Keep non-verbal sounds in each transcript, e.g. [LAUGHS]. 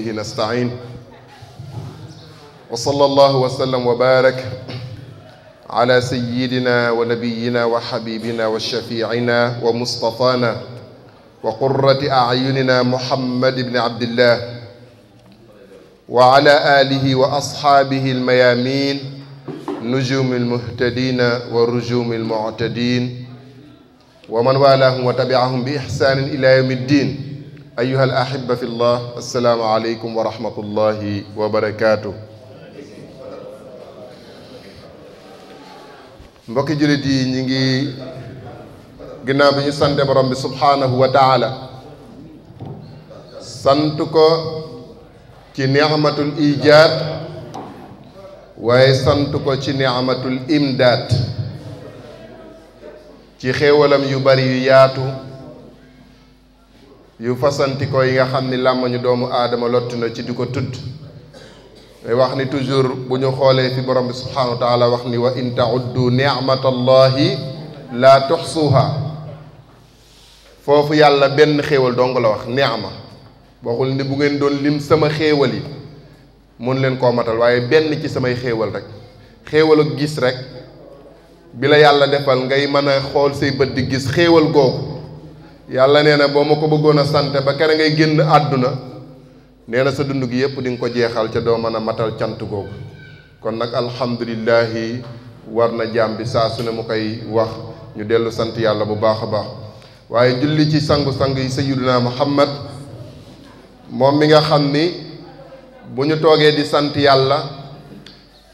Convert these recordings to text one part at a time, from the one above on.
به نستعين وصلى الله وسلم وبارك على سيدنا ونبينا وحبيبنا وشفيعنا ومصطفانا وقرة أعيننا محمد بن عبد الله وعلى آله وأصحابه الميامين نجوم المهتدين ورجوم المعتدين ومن والاهم وتبعهم بإحسان إلى يوم الدين ayyuha al ahibba fi llah assalaamu aleykum wa rahmatullahi wa barakaatu mbokki jullit yi ñi ngi ginnaaw bi sante borom bi subhaanahu wa taala sant ko ci ni'matul ijaad waaye sant ko ci ni'matul imdaad ci xéewalam yu bari yu yaatu yu fasantikoo yi nga xam ni làmmañu doomu aadama lott na ci di ko tudd may wax ni toujours bu ñu xoolee fi borom bi subhanahu wax taala wax ni wa in tauddu nicmatallahi laa tuxsuha foofu yàlla benn xéewal dong la wax neexma waxul ni bu ngeen doon lim sama xéewal yi mun leen koo matal waaye benn ci samay xéewal rek xéewal ak gis rek bi la yàlla defal ngay mën a xool say bët di gis xéewal googu yàlla nee na boo ma ko bëggoon a sant ba kere ngay génn àdduna nee na sa dund gi yëpp dinga ko jeexal ca doo mën a matal cant googu kon nag alhamdulillahi war na jaam bi saa su ne mu koy wax ñu dellu sant yàlla bu baax a baax waaye julli ci sangu-sang yi sayyiduna muhammad moom mi nga xam ni bu ñu toogee di sant yàlla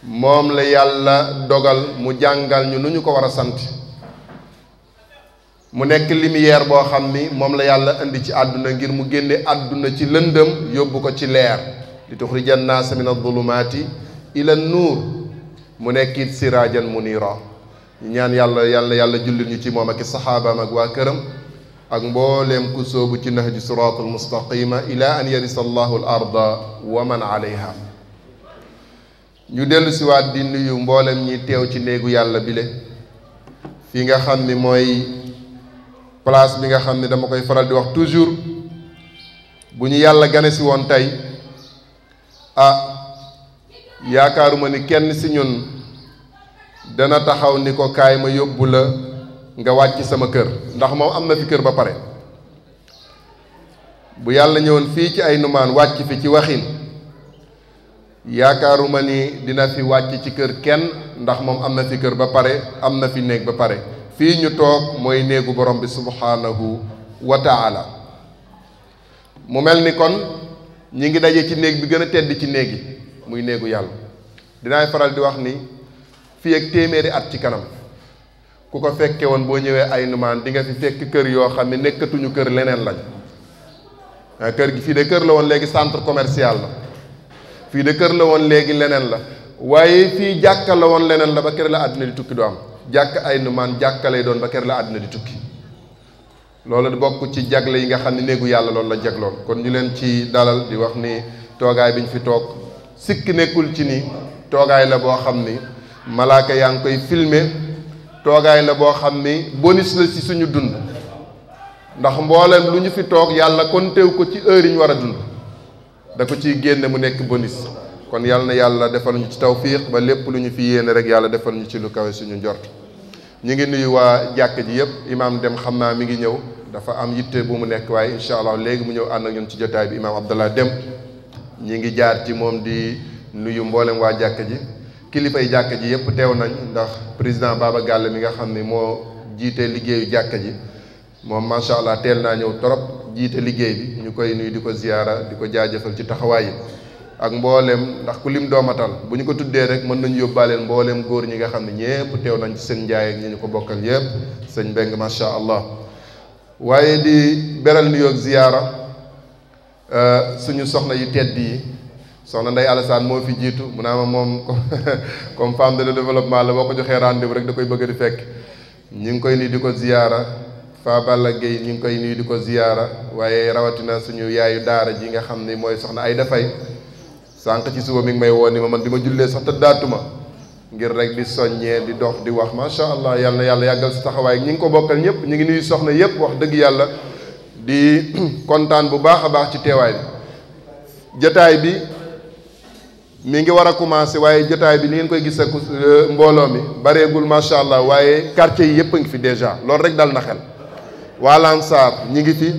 moom la yàlla dogal mu jàngal ñu lu ñu ko war a sant mu nekk lumière boo xam ni moom la yàlla indi ci àdduna ngir mu génne àdduna ci lëndëm yóbbu ko ci leer li tuxrija naasa min adulumaati ila nuur mu nekk it siraajan munira ñu ñaan yàlla yàlla yàlla jullit ñu ci moom ak i ak waa këram ak mbooleem ku soobu ci nahju siraatul mustaqima ila an yarisa allahu al arda wa man alayha ñu dellu siwaat di nuyu mboolem ñi teew ci néegu yàlla bile fi nga xam ni mooy place bi nga xam ne dama koy faral di wax toujours bu ñu yàlla gane si woon tey ah yaakaaruma ni kenn si ñun dana taxaw ni ko kaay ma yóbbu la nga wàcc sama kër ndax moom am na fi kër ba pare bu yàlla ñëwoon fii ci ay numaan wàcc fi ci waxin yaakaaruma ni dina fi wàcc ci kër kenn ndax moom am na fi kër ba pare am na fi néeg ba pare fii ñu toog mooy néegu borom bi subhaanahu wa taala mu mel ni kon ñi ngi daje ci néeg bi gën a tedd ci néeg yi muy néegu yàlla dinaay faral di wax ni fii ak téeméeri at ci kanam ku ko fekkee woon boo ñëwee ay numaan di nga fi fekk kër yoo xam ne nekkatuñu kër leneen lañ ah, kër gi fii de kër la woon léegi centre commercial la fii de kër la woon léegi leneen la waaye fii jàkka la woon leneen la ba kër la àddina di tukki du am jàkk ay nu maan jàkka doon ba ker la àddina di tukki loolu di bokk ci jagle yi nga xam ne néegu yàlla loolu la jagloon kon ñu leen ci dalal di wax ni toogaay bi ñu fi toog sikk nekkul ci ni toogaay la boo xam ni malaaka yaa ngi koy filmé toogaay la boo xam ni bonus la ci suñu dund ndax mboolem lu ñu fi toog yàlla kon kontew ko ci heure yi ñu war a dund da ko ciy génne mu nekk bonus kon yàlla na yàlla defal ñu ci tawfiq ba lépp lu ñu fi yéene rek yàlla defal ñu ci lu kawe suñu njort ñu ngi nuyu waa jàkk ji yëpp imaam dem xam naa mi ngi ñëw dafa am yitte bu mu nekk waaye incha allah léegi mu ñëw ànd ak ñun ci jotaay bi imaam Abdallah dem ñi ngi jaar ci moom di nuyu mboolem waa jàkk ji kilifa yi jàkk ji yëpp teew nañ ndax président Baba gàll mi nga xam ne moo jiite liggéeyu jàkk ji moom macha allah teel naa ñëw trop jiite liggéey bi ñu koy nuyu di ko ziyaara di ko jaajëfal ci taxawaay yi ak mbooleem ndax ku lim doomatal bu ñu ko tuddee rek mën nañu yóbbaaleel mbooleem góor ñi nga xam ne ñépp teew nañ ci sëñ Njaay ak ñi ko bokkal yépp sëñ Mbeng macha allah waaye di beral nuyoo ak ziyaara euh, suñu soxna yu tedd yi soxna Ndey Alassane moo fi jiitu mu naa ma moom comme [LAUGHS] femme de développement la boo ko joxee rendez rek da koy bëgg di fekk ñu ngi koy nii di ko ziyaara Fa Balla Gueye ñu ngi koy nuyu di ko ziyaara waaye rawatina suñu yaayu daara ji nga xam ne mooy soxna ay dafay sànq ci suba mi ngi may woo ni ma man bi ma jullee sax tëddaatuma ngir rek di soññee di dox di wax macha allah yàlla yàlla yàggal sa taxawaay ñi ngi ko bokkal ñëpp ñu ngi nuyu soxna yëpp wax dëgg yàlla di [CLEARS THROAT] kontaan bu baax a baax ci teewaay bi jataay bi mi ngi war a commencé waaye jotaay bi ni ngeen koy gis ak euh, mbooloo mi bareegul macha allah waaye quartier yi yëpp a ngi fi dèjà loolu rek dal na xel waa Lansar ñi ngi fi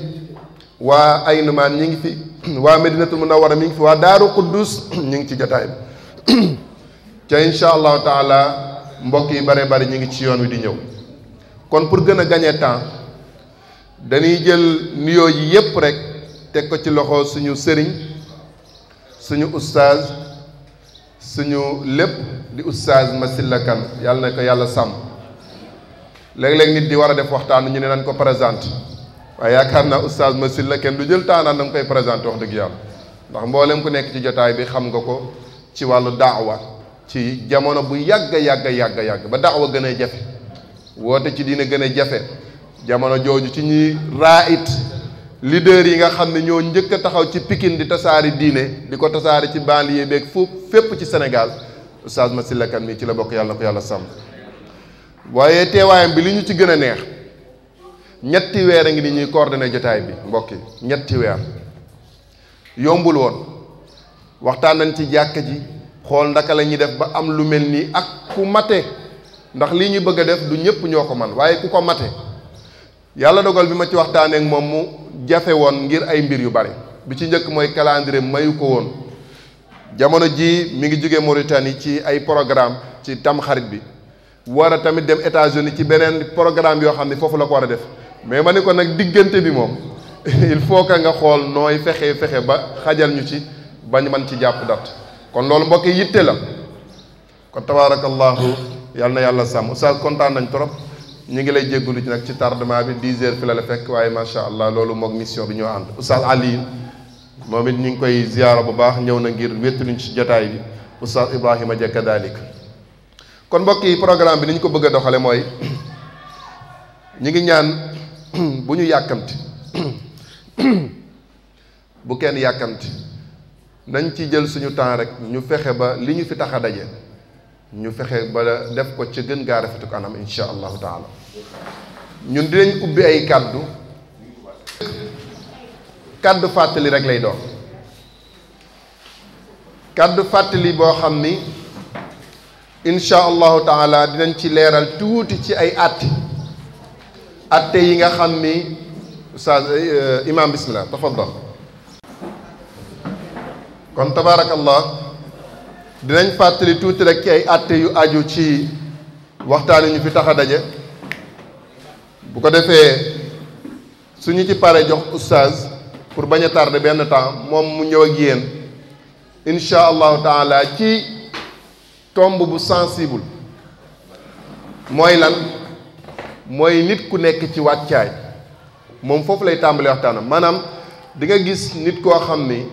waa Aynumaan ñi ngi fi [COUGHS] waa a war a mi ngi fi waa daaru quddus [COUGHS] ñu ngi ci jotaay bi [COUGHS] ca incha allahu taala mbokk yi bare bari ñu ngi ci yoon wi di ñëw kon pour gën a gagner temps dañuy jël nuyoo yi yépp rek teg ko ci loxo suñu sëriñ suñu ustaaz suñu lépp di ustaaz Massyla Kane yàlla na ko yàlla sàmm léeg-léeg nit di war a def waxtaan ñu ne nañ ko présente waaye yaakaar naa oustaz Massila la kenn du jël taanaan da nga koy présenté wax dëgg yàlla ndax mbooleem ku nekk ci jotaay bi xam nga ko ci wàllu daawa ci jamono bu yàgg yàgg yàgg yàgg ba daawa gën a jafe woote ci dina gën a jafe jamono jooju ci ñuy it leader yi nga xam ne ñoo njëkk taxaw ci pikin di tasaari diine di ko tasaari ci banlieue beeg fu fépp ci Sénégal oustaz Massila Kane mii ci la bokk yàlla ko yàlla sàmm waaye teewaayam bi li ñu ci gën a neex. ñetti weer a ngi ni ñuy coordonné jotaay bi mbokk yi ñetti weer yombul woon waxtaan nañ ci jàkka ji xool ndaka lañuy def ba am lu mel nii ak ku mate ndax lii ñuy bëgg a def du ñëpp ñoo ko man waaye ku ko mate yàlla dogal bi ma ci waxtaaneek moom mu jafe woon ngir ay mbir yu bari bi ci njëkk mooy calendrier mayu ko woon jamono jii mu ngi jóge Mauritanie ci ay programme ci tamxarit bi war tamit dem États-Unis ci beneen programme yoo xam ne foofu la ko war a def mais ma ne ko nag diggante bi moom [LAUGHS] il faut que nga xool nooy fexe fexe ba xajal ñu ci bañ man ci jàpp dat kon loolu mbokk yitte la kon tabaarakallahu yal na yàlla sàmm oustaz kontaan nañ trop ñu ngi lay jéggalu ci nag ci tardement bi dix heures fi fekk waaye macha allah loolu moog mission bi ñoo ànd oustaz Aliou moom it ñu ngi koy ziyaara bu baax ñëw na ngir wéttaluñ ci jotaay bi oustaz Ibrahima jekka daalik kon mbokk yi programme bi ni ñu ko bëgg a doxale mooy [CLEARS THROAT] bu ñu yàkkamti bu kenn yàkkamti nañ ci jël suñu temps rek ñu fexe ba li ñu fi taxa daje ñu fexe ba def ko ci gën gaa rafetuk anam insha allahu taala ñun dinañ ubbi ay kàddu kàddu fàttali rek lay doon kàddu fàttali boo xam ni insha allahu taala dinañ ci leeral tuuti ci ay atti atte yi nga xam ni sa eh, eh, imam bismillah tafaddal kon tabaarakallah dinañ fàttali tuuti rek ci ay atte yu aju ci waxtaan ñu fi tax a daje bu ko defee suñu ci pare jox oustaz pour bañ a tardé benn temps moom mu ñëw ak yéen incha allahu taala ci tomb bu sensible mooy lan mooy nit ku nekk ci wàccaay moom foofu lay tàmbali waxtaanam maanaam di nga gis nit koo xam ni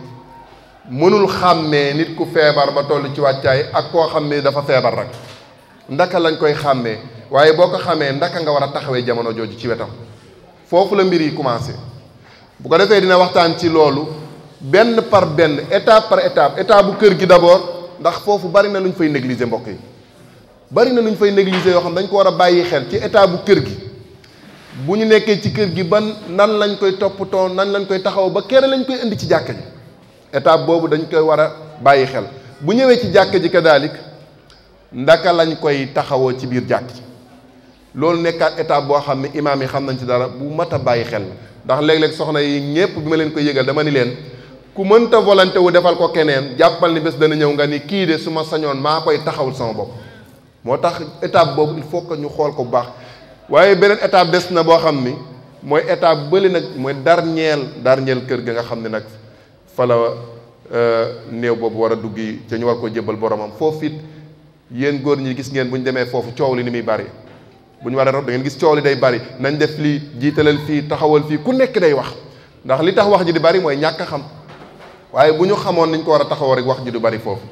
mënul xàmmee nit ku feebar ba toll ci wàccaay ak koo xam ni dafa feebar rek ndaka lañ koy xàmmee waaye boo ko xamee ndaka nga war a taxawee jamono jooju ci wetam foofu la mbir yi commencé bu ko defee dina waxtaan ci loolu benn par benn étape par étape étape bu kër gi d'abord ndax foofu bari na lu ñu fay négliger mbokk yi. bari na lu ñu fay négliger yoo xam ne dañ ko war a bàyyi xel ci état bu kër gi bu ñu nekkee ci kër gi ban nan lañ koy toppatoo nan lañ koy taxaw ba kere lañ koy indi ci jàkka état boobu dañ koy war a bàyyi xel bu ñëwee ci jàkka ji kadaalik ndaka lañ koy taxawoo ci biir jàkk ji loolu nekkaat état boo xam ne imaam yi xam nañ ci dara bu mat a bàyyi xel ndax léeg-léeg soxna yi ñépp bi ma leen koy yëgal dama ni leen ku mënta volonté wu defal ko keneen jàppal ni bés dana ñëw nga ni kii de su ma sañoon maa koy taxawul sama bopp moo tax étape boobu il faut ñu xool ko bu baax waaye beneen étape des na boo xam ni mooy étape bële nag mooy dar dar darñeel kër gi nga xam ne nag fala la euh, néew boobu war a dugg yi ca ñu war ko jébbal boromam foofu it yéen góor ñi gis ngeen bu ñu demee foofu coow li ni muy bari bu ñu war rob da ngeen gis coow li day bari nañ def lii jiitalal fii taxawal fii ku nekk day wax ndax li tax wax ji di bari mooy ñàkk a xam waaye bu ñu xamoon niñ ko war a taxawoo rek wax ji du bari foofu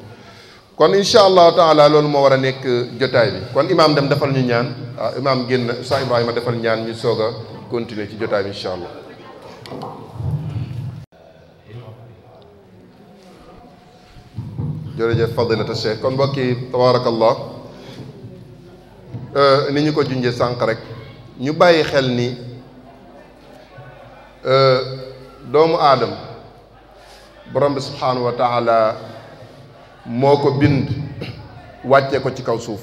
kon incha allahu taala loolu moo war a nekk jotaay bi kon imaam dem defal ñu ñaan ah imaam génn sa Ibrahima defal ñaan ñu soog a continuer ci jotaay bi incha allah. jërëjëf fadilata cheikh kon mbokk yi tabaarakallah euh, ni ñu ko junjee sànq rek ñu bàyyi xel ni euh, doomu aadam borom bi subhaanahu wa taala. moo ko bind wàcce ko ci kaw suuf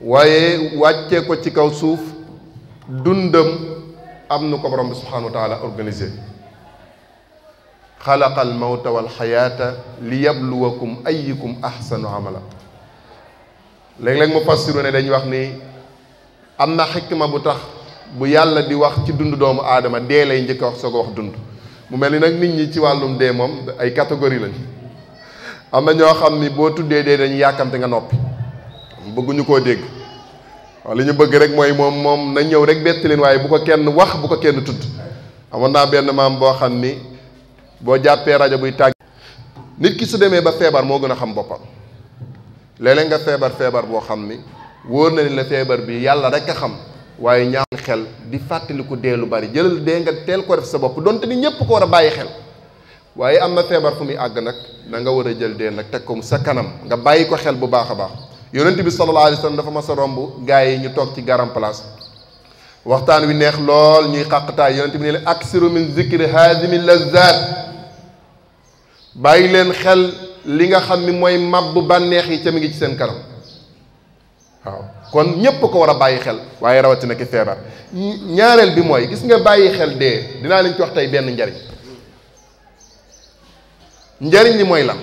waaye wàcce ko ci kaw suuf dundam am na ko borom bi subhanahu wa taala organisé mawta wal xayaata li yabluwakum ayyukum ahsanu amala léeg-léeg mu fassiru ne dañuy wax ni am na xikma bu tax bu yàlla di wax ci dund doomu aadama dee lay njëkk soo ko wax dund mu mel ni nag nit ñi ci wàllum dee moom ay catégorie lañ am na ñoo xam ni boo tuddee dee dañu yàkkamte nga noppi bëgguñu koo dégg waaw li ñu bëgg rek mooy moom moom nañ ñëw rek bett leen waaye bu ko kenn wax bu ko kenn tudd amoon naa benn maam boo xam ni boo jàppee rajo buy tàgg nit ki su demee ba feebar moo gën a xam boppam léeg nga feebar feebar boo xam ni wóor na ni la feebar bi yàlla rek a xam waaye ñaaw xel di fàttaliku dee lu bari jëlal dee nga teel ko def sa bopp donte ni ñépp ko war a bàyyi xel waaye am na feebar fu muy àgg nag da nga war a jël dee nag teg ko mu sa kanam nga bàyyi ko xel bu baax a baax yonent bi sallallahu alayhi dafa mas a romb gars yi ñu toog ci garam place waxtaan wi neex lool ñuy xàqtaay yonent bi ne leen aksiru min zikri haadimi lazzaat bàyyi leen xel li nga xam ni mooy mabbu bànneex yi ca mi ngi ci seen kanam waaw kon ñépp ko war a bàyyi xel waaye rawatina ki feebar ñaareel bi mooy gis nga bàyyi xel dee dinaa leen ci wax tey benn njariñ njariñ li mooy lan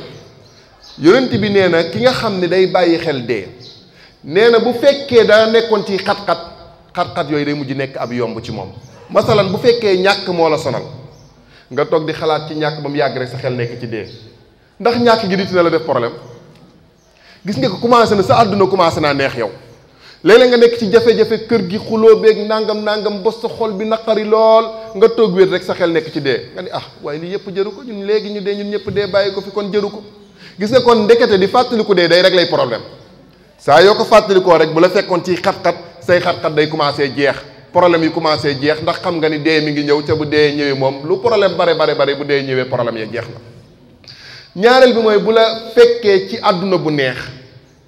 yonent bi nee na ki nga xam ne day bàyyi xel dee nee na bu fekkee daa nekkoon ci xat-xat xat-xat yooyu day mujj nekk ab yomb ci moom masalan bu fekkee ñàkk moo la sonal nga toog di xalaat ci ñàkk ba mu yàgg rek sa xel nekk ci dee ndax ñàkk gi di dina la def problème gis nga ko commencé na sa àdduna commencé naa neex yow léeg-léeg nga nekk ci jafe-jafe kër gi xuloo beeg nangam nangam ba sa xol bi naqari lool nga toog wéet rek sa xel nekk ci dee nga ni ah waaye nii yëpp jëru ko ñun léegi ñu dee ñun ñëpp dee bàyyi ko fi kon jëru ko gis nga kon ndekete di fàttaliku dee day rek lay problème saa yoo ko fàttalikoo rek bu la fekkoon ci xat-xat say xat-xat day commencé jeex problème yi commencé jeex ndax xam nga ni dee mi ngi ñëw ca bu dee ñëwee moom lu problème bare bare bare bu dee ñëwee problème na ñaareel bi mooy bu la fekkee ci àdduna bu neex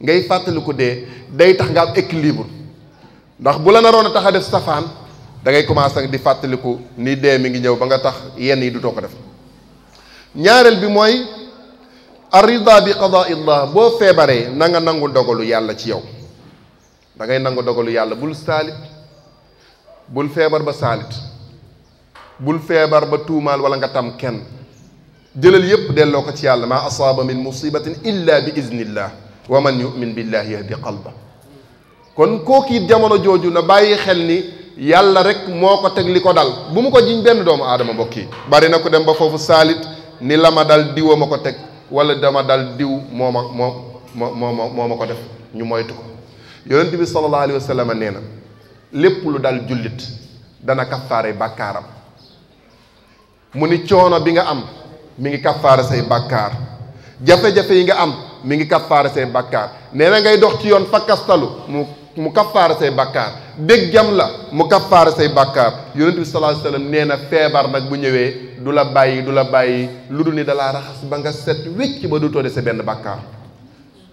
ngay fàttali ko dee day tax nga am équilibre ndax bu la naroon a tax a def safaan da ngay commencé di fàttaliku ni dee mi ngi ñëw ba nga tax yenn yi du too ko def ñaareel bi mooy arida bi qadaa illah boo feebaree na nga nangu dogalu yàlla ci yow dangay nangu dogalu yàlla bul saalit bul feebar ba saalit bul feebar ba tuumaal wala nga tam kenn jëlal yépp delloo ko ci yàlla maa asaaba min musibatin illa bi iznillah wa man yumin billahi yahdi qalba kon kooku it jamono jooju na bàyyi xel ni yàlla rek moo ko teg li ko dal bu mu ko jiñ benn doomu aadama mbokk yi bari na ko dem ba foofu saalit ni la ma dal diwa ma ko teg wala dama dal diw moo ma moo moo moo ma ko def ñu moytu ko yonent bi sallallahu alayhi wa sallam nee na lépp lu dal jullit dana kaffaare bàkkaaram mu ni coono bi nga am mi ngi kaffaare say bàkkaar jafe-jafe yi nga am mi ngi kaffaara say bàkkaar nee na ngay dox ci yoon fakkastalu mu mu kaffaara say bàkkaar dégg jam la mu kaffaara say bàkkaar yonent bi sallallahu alayhi wasallam nee na feebar nag bu ñëwee du la bàyyi du la bàyyi lu dul ni dalaa raxas ba nga seet wécc ba du toode sa benn bàkkaar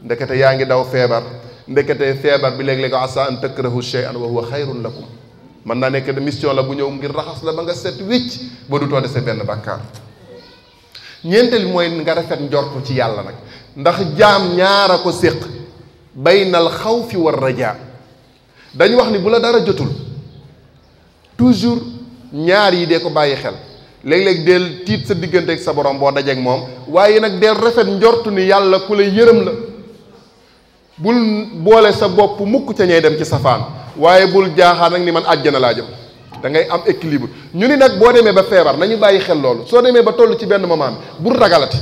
ndekete yaa ngi daw feebar ndekete feebar bi léeg-léeg asa an takrahu shay'an wa huwa xayrun lakum mën naa nekk mission la bu ñëw ngir raxas la ba nga seet wécc ba du toode sa benn bàkkaar ñeenteel mooy nga rafet njortu ci yàlla nag ndax jaam a ko séq xaw xawfi war rajaa dañu wax ni bu la dara jotul toujours ñaar yi de ko bàyyi xel léeg-léeg del tiit sa diggante ak sa borom boo dajeek moom waaye nag deel rafet njortu ni yàlla ku la yërëm la bul boole sa bopp mukk ca ñay dem ci safaan waaye bul jaaxaan nag ni man àjjana laa jëm da ngay am équilibre ñu ni nag boo demee ba feebar nañu bàyyi xel loolu soo demee ba toll ci benn moment bi bul ragalati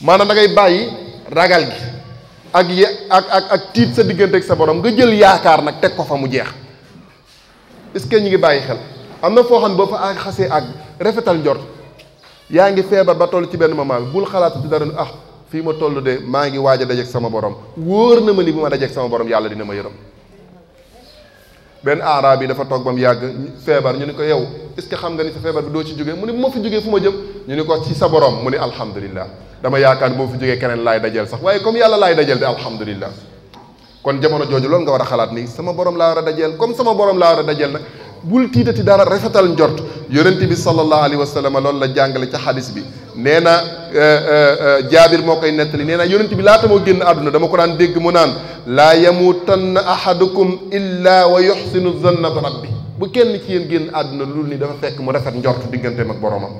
maanaam da ngay bàyyi ragal gi ak ye ak ak ak tiit sa diggante ak sa borom nga jël yaakaar nag teg ko fa mu jeex est-ce que ñu ngi bàyyi xel am na foo xam ne boo fa ak xasee ak rafetal njort yaa ngi feebar ba toll ci benn moment bi bul xalaat dara ah fii ma toll de maa ngi waaj a dajeeg sama borom wóor na ma ni bu ma dajeeg borom yàlla dina ma yërëm benn aaraab bi dafa toog ba mu yàgg feebar ñu ne ko yow est-ce xam nga ni sa feebar bi doo ci jógee mu ne bu ma fi jógee fu ma jëm ñu ne ko ci sa borom mu ne alhamdulilah dama yaakaar ni boo fi jógee keneen laay dajeel sax waaye comme yàlla laay dajeel de alhamdulilah kon jamono jooju loolu nga war a xalaat ni sama borom laa war a dajeel comme sama borom laa war a dajeel nag bul tiitati dara rafetal njort yonent bi sallallahu alayhi wa sallam loolu la jàngale ca xadis bi nee na eh, eh, eh, jaabir moo koy nettali nee na yonent bi laata moo génn àdduna dama ko daan dégg mu naan laa yamuutanna ahadukum illa wa yuxsinu zanna bi bu kenn ci yéen génn àdduna lu ni dafa fekk mu rafet njort digganteem ak boromam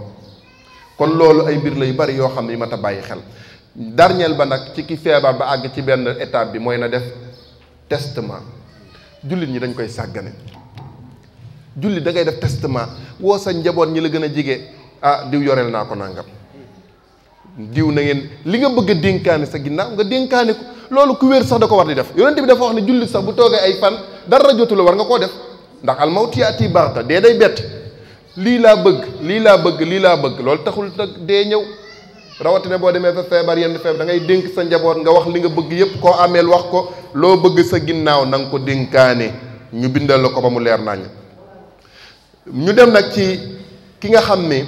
kon loolu ay mbir la yu bari yoo xam ne yu mat a bàyyi xel darñeel ba nag ci ki feebar ba àgg ci benn étape bi mooy na def testament jullit ñi dañ koy sàggane jullit da ngay def testament woo sa njaboot ñi la gën a jige ah diw yoreel naa ko nangam diw na ngeen li nga bëgg a dénkaane sa ginnaaw nga dénkaane ko loolu ku wér sax da ko war di def yonent bi dafa wax ne jullit sax bu toogee ay fan dara jotu la war nga koo def ndax almawt yaati baxta dee day bett lii laa bëgg lii laa bëgg lii laa bëgg loolu taxul nag dee ñëw rawatina boo demee fa feebar yenn feebar da ngay dénk sa njaboot nga wax li nga bëgg yépp koo ameel wax ko loo bëgg sa ginnaaw na ko dénkaane ñu bindal la ko ba mu leer nañ ñu dem nag ci ki nga xam ne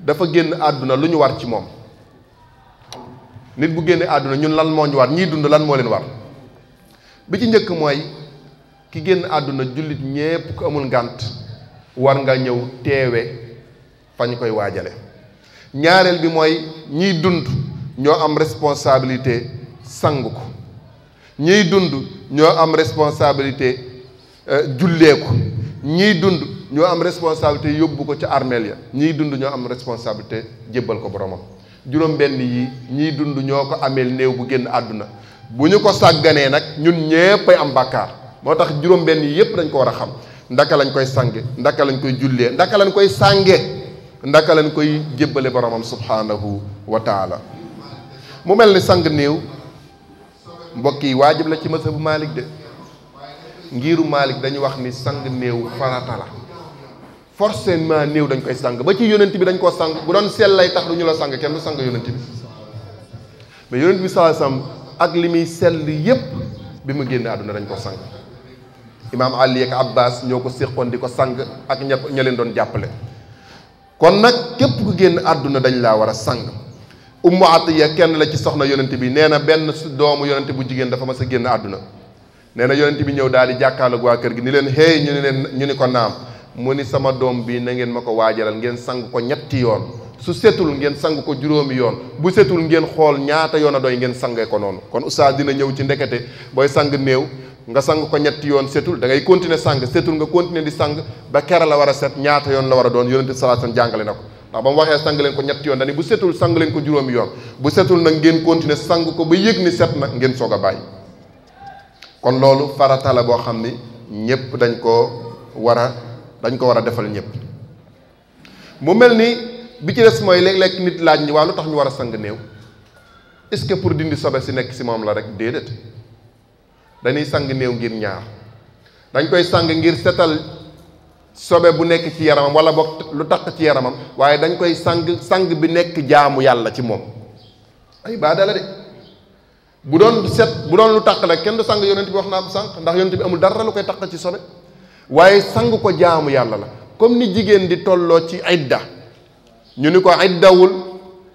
dafa génn àdduna lu ñu war ci moom nit bu génnee àdduna ñun lan moo ñu war ñiy dund lan moo leen war bi ci njëkk mooy ki génn àdduna jullit ñépp ku amul ngànt war nga ñëw teewe fa ñu koy waajale ñaareel bi mooy ñiy dund ñoo am responsabilité sang ko ñiy dund ñoo am responsabilité euh, jullee ko ñiy dund ñoo am responsabilité yóbbu ko ca armeel ya ñiy dund ñoo am responsabilité jébbal ko boromam juróom-benn yi ñiy dund ñoo ko ameel néew bu génn àdduna bu ñu ko sàgganee nag ñun ñéppay am bàkkaar moo tax juróom-benn yi yépp dañ ko war a xam ndaka lañ koy sange ndaka lañ koy jullee ndaka lañ koy sànge ndaka lañ koy jébbale boromam subhaanahu wa taala mu mel ni sang néew mbokk yi waajib la ci mazhabu Maalik de ngiiru Maalik dañu wax ni sang néew farata la forcément néew dañ koy sàng ba ci yonent bi dañ koo sàng bu doon sell lay tax du ñu la sàng kenn du sàng yonent bi mais yonent bi saa sam ak li muy sell yépp bi mu génn àdduna dañ ko sàng imaam Ali ak Abbas ñoo ko séqoon di ko sàng ak ñëpp ña leen doon jàppale kon nag képp ku génn àdduna dañ laa war a sàng ummu Atiya kenn la ci soxna yonent bi nee na benn doomu yonent bu jigéen dafa mas a génn àdduna nee na yonent bi ñëw daal di jàkkaarloog waa kër gi ni leen hey ñu ni leen ñu ni ko naam mu ni sama doom bii na ngeen ma ko waajalal ngeen sang ko ñetti yoon su setul ngeen sang ko juróomi yoon bu setul ngeen xool ñaata yoon a ngeen sangee ko noonu kon oustaz dina ñëw ci ndekete booy sang néew nga sang ko ñetti yoon setul da ngay continuer sang nga continuer di sang ba kera la war a set ñaata war a doon yonente sallallahu alayhi jàngale na ko ndax ba mu waxee sang leen ko bu setul sang leen yoon bu setul nag ngeen continuer sang ko ba yëg ni set na ngeen soog a bàyyi kon loolu farata la boo xam ni ñépp dañ koo war dañ ko war a defal ñëpp mu mel ni bi ci des mooy léeg-léeg nit laaj ñi waa lu tax ñu war a sang néew est-ce que pour dindi sobe si nekk si moom la rek déedéet dañuy sang néew ngir ñaar dañ koy sang ngir setal sobe bu nekk ci yaramam wala boog lu taq ci yaramam waaye dañ koy sang sang bi nekk jaamu yàlla ci moom ay baada la de bu doon set bu doon lu taq rek kenn du sang yonent bi wax naa bu sànq ndax yonent bi amul dara lu koy taq ci sobe waaye sangu ko jaamu yàlla la comme ni jigéen di tolloo ci idda ñu ni ko iddawul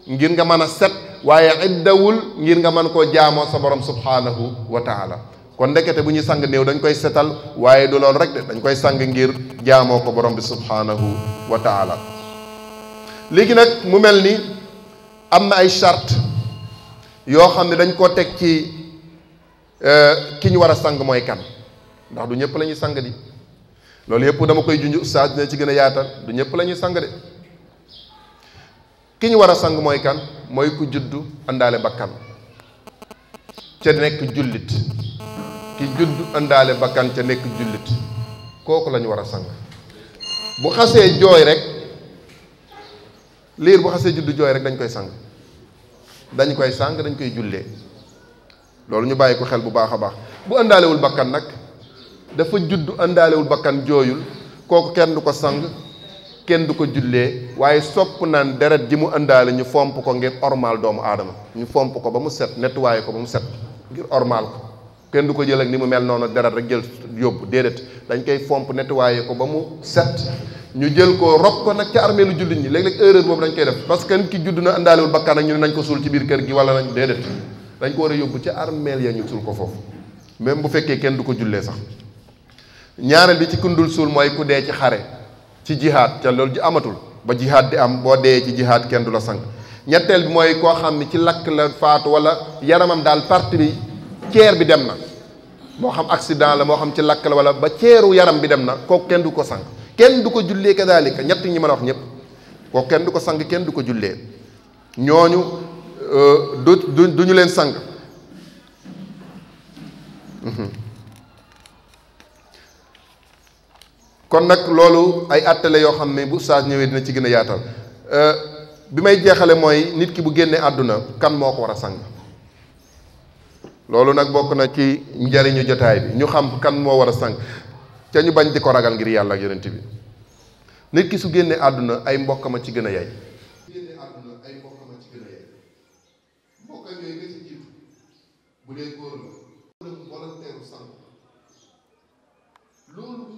ngir nga mën a set waaye iddawul ngir nga mën koo jaamoo sa borom subhaanahu wa taala kon ndekete bu ñu sang néew dañ koy setal waaye du loolu rek dañ koy sang ngir jaamoo ko borom bi subhaanahu wa taala léegi nag mu mel ni am na ay charte yoo xam ne dañ koo teg ci euh, ki ñu war a sang mooy kan ndax du ñëpp lañuy ñuy sang di loolu yëpp dama koy junj oustaz dina ci gën a yaatal du ñëpp la ñuy sang de ki ñu war a sang mooy kan mooy ku judd àndaale bakkan ca nekk jullit ki juddu àndaale bakkan ca nekk jullit kooku lañu war a sang bu xasee jooy rek liir bu xasee juddu jooy rek dañ koy sang dañ koy sang dañ koy jullee loolu ñu bàyyi ko xel bu baax a baax bu indaalewul bakkan nag. dafa judd àndaalewul bakkan jooyul kooku kenn du ko sang kenn du ko jullee waaye sopp naan deret ji mu àndaale ñu fomp ko ngir ormaal doomu aadama ñu fomp ko ba mu set nettuwaaye ko ba mu set ngir ormaal kenn du ko jël ak ni mu mel noonu deret rek jël yóbbu déedéet dañ koy fomp nettuwaaye ko ba mu set ñu jël ko rob ko nag ca armée lu jullit ñi léeg-léeg erreur boobu dañ koy def parce que ki judd na àndaalewul bakkan ak ñu ne nañ ko suul ci biir kër gi wala nañ déedéet dañ ko war a yóbbu ca armeel ya ñu suul ko foofu même bu fekkee kenn du ko jullee sax ñaareel bi ci kundul suul mooy ku dee ci xare ci jihaad ca loolu amatul ba jihaad di am boo dee ci jihaad kenn du la sang ñetteel bi mooy koo xam ni ci lakk la faatu wala yaramam daal partie bi ceer bi dem na moo xam accident la moo xam ci lakk la wala ba ceeru yaram bi dem na kook kenn du ko sang kenn du ko jullee kadaalika ñett ñi ma la wax ñëpp kooku kenn du ko sang kenn du ko jullee ñooñu euh, du du ñu leen sang. Mhm. kon nag loolu ay attale yoo xam ne bu saa ñëwee dina ci gën a yaatal euh, bi may jeexale mooy nit ki bu génnee àdduna kan moo ko war a sang loolu nag bokk na ci njariñu jotaay bi ñu xam kan moo war a sang ca ñu bañ di ko ragal ngir yàlla ak yonent bi nit ki su génnee àdduna ay mbokkam a ci gën a yay ay mbokkam ci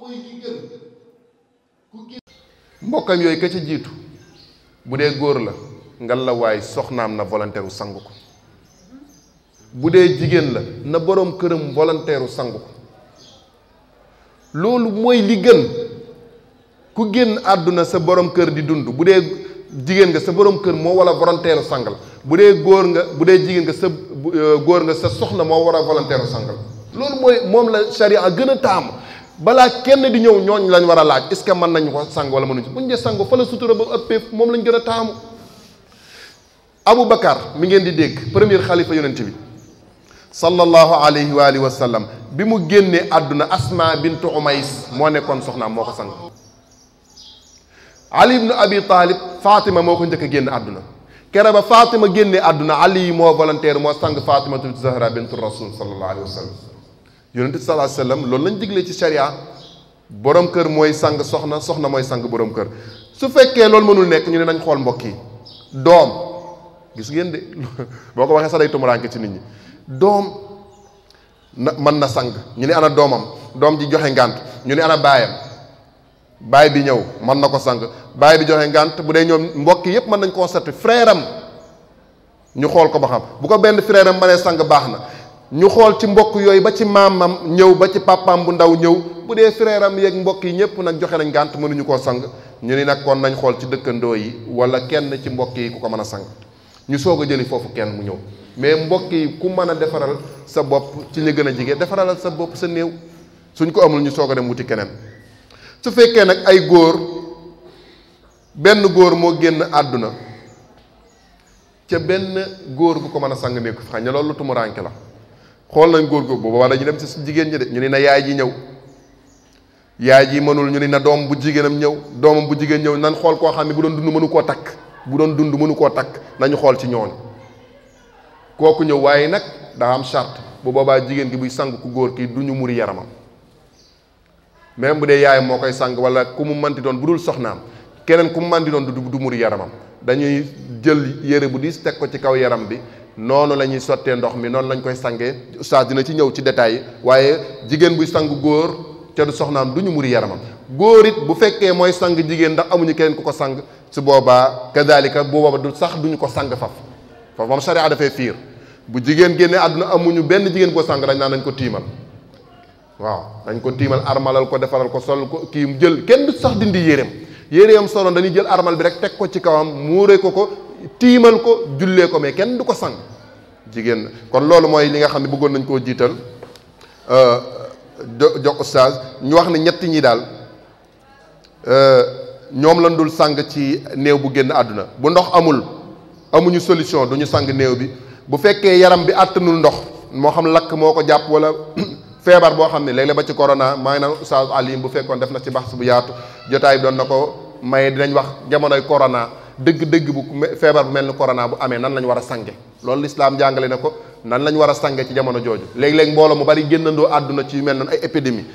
mooy ki mbokkam yooyu ka ca jiitu bu dee góor la ngal la waay soxnaam na volontaire sangu ko bu dee jigéen la na boroom këram volontaire sangu ko loolu mooy li gën ku génn àdduna sa borom kër di dund bu dee jigéen nga sa boroom kër moo war a volontaire sangal bu dee góor nga bu dee jigéen nga sa euh, góor nga sa soxna moo war a volontaire sangal loolu mooy moom la a gën a taamu balaa kenn di ñëw ñooñ lañu war a laaj est ce que mën nañu ko sang wala mënuñu buñ dee sango fa la sutura ba ëppee moom lañ gën a taamu Abu Bakar mi ngeen di dégg premier xalifa yonent bi sallallahu alayhi wa alihi bi mu génnee àdduna Asma bintu Umays moo nekkoon soxnaam moo ko sang Ali ibnu Abi Talib moo ko njëkk a génn àdduna kere ba Fatima génnee àdduna Ali moo volontaire moo sang Fatima tu Zahra bintu Rasul sallallahu alayhi wa yonent bi sallallahu alayhi wa sallam loolu lañ diglee ci sharia borom kër mooy sang soxna soxna mooy sang boroom kër su fekkee loolu mënul nekk ñu ne dañ xool mbokk yi doom gis ngeen de [LAUGHS] boo ko waxee sax day tumuraanke ci nit ñi doom na mën na sang ñu ne ana doomam doom ji joxe ngànt ñu ne ana baayam baay bi ñëw mën na ko sang baay bi joxe ngànt bu dee ñoom mbokk yépp mën nañ koo frère am ñu xool ko ba xam bu ko benn frère am mënee sang baax na ñu xool ci mbokk yooyu ba ci maamam ñëw ba ci papaam bu ndaw ñëw bu dee frère am yeeg mbokk yi ñëpp nag joxe nañ gànt mënuñu koo sang ñu ni nag kon nañ xool ci dëkkandoo yi wala kenn ci mbokk yi ku ko mën a sang ñu soog a jëli foofu kenn mu ñëw mais mbokk yi ku mën a defaral sa bopp ci ñu gën a jege defaralal sa bopp sa néew suñ ko amul ñu soog a dem wuti keneen su fekkee nag ay góor benn góor moo génn àdduna ca benn góor gu ko mën a sang néeku fi loolu lu tumuraanke la xool nañ góor góor boobaa dañu dem ci jigéen ñi de ñu ni na yaay ji ñëw yaay ji mënul ñu ne na doom bu jigéenam ñëw doomam bu jigéen ñëw nan xool koo xam ne bu doon dund mënu koo takk bu doon dund mënu koo takk nañu xool ci ñooñu kooku ñëw waaye nag daa am charte bu boobaa jigéen ki buy sang ku góor ki du ñu muri yaramam même bu dee yaay moo koy sang wala ku mu manti doon bu dul soxnaam keneen ku mu manti doon du du muri yaramam dañuy jël yére bu diis teg ko ci kaw yaram bi noonu la ñuy sottee ndox mi noonu lañ koy sangee oustaz dina ci ñëw ci détail yi waaye jigéen buy sang góor te du soxnaam du ñu muri yaramam góor it bu fekkee mooy sang jigéen ndax amuñu keneen ku ko sang su boobaa kadalika bu booba du sax duñu ko sang faf faf moom charia dafay fiir bu jigéen génnee àdduna amuñu benn jigéen ko sang dañ naan nañ ko tiimal waaw dañ ko tiimal armalal ko defaral ko sol ko kii mu jël kenn du sax dindi yéreem yéreem solo dañuy jël armal bi rek teg ko ci kawam muure ko ko tiimal ko jullee ko mais kenn du ko sang jigéen kon loolu mooy li nga xam ne bëggoon nañ koo jiital euh, jo jox oustaz ñu wax ne ñetti ñi daal euh, ñoom lan dul sang ci néew bu génn àdduna bu ndox amul amuñu solution duñu sang néew bi bu fekkee yaram bi àttanul ndox moo xam lakk moo ko jàpp wala [CLEARS THROAT] feebar boo xam ne léeg-léeg ba ci corona maa ngi naan oustaz Alioune bu fekkoon def na ci baxs bu yaatu jotaay bi doon na ko may dinañ wax jamonoy corona. dëgg-dëgg bu feebar bu mel ni corona bu amee nan lañu war a sange loolu lislaam jàngale na ko nan la ñu war a sange ci jamono jooju léegi-léegi mbooloo mu bari génnandoo àdduna ci mel noonu ay épidémie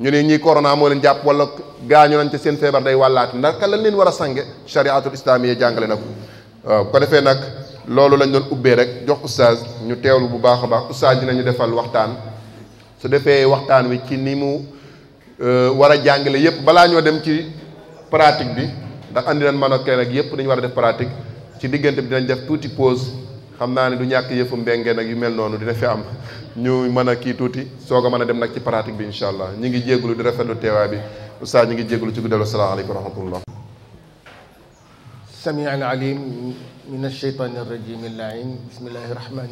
ñu ne ñii corona moo leen jàpp wala gaañu nañ te seen feebar day wàllaati naka lañ leen war a sange chariatul islaamiya jàngale na ko waaw ko defee nag loolu lañu doon ubbee rek jox oustaz ñu teewlu bu baax a baax oustaz dinañu defal waxtaan su defee waxtaan wi ci ni mu euh, war a jàngale yépp balaa ñoo dem ci pratique bi ndax andi nañ mannequin ak yëpp dañu war a def pratique ci diggante bi dinañ def tuuti pause xam naa ne du ñàkk yëfu mbengeen ak yu mel noonu dina fi am ñu mën a kii tuuti soog a mën a dem nag ci pratique bi incha allah ñu ngi jégalu di rafetlu teewaay bi saa ñu ngi jégalu ci guddal asalaamaaleykum wa rahmatullah samii al alim min alsheytaan arrajim allaim bismillahi rahmani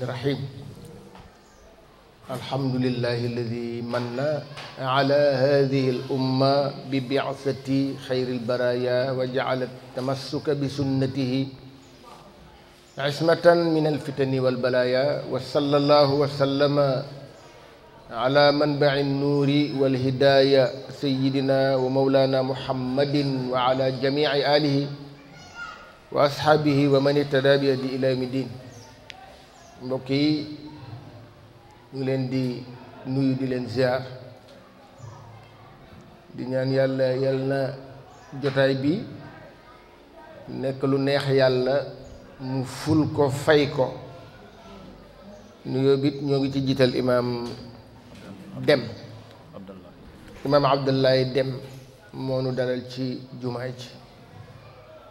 alhamdulillahi alladi manna ala hadihi al umma bi bi'sati xayri albaraya wa ja'ala tamassuka bi sunnatihi ismatan min alfitani walbalaya wa sallallahu wa sallama ala manbai nuuri walhidaya sayidina wa mawlana muhammadin wa ala jamici alihi wa ashaabihi wa man ittadaa bi hadi ila yawmi din mbokk yi ñu leen di nuyu di leen ziar di ñaan yàlla yàlla na jotaay bi nekk lu neex yàlla mu ful ko fay ko nuyoo bit ñoo ngi ci jiital imaam dem imaam Abdullahi dem moo dalal ci jumaay ci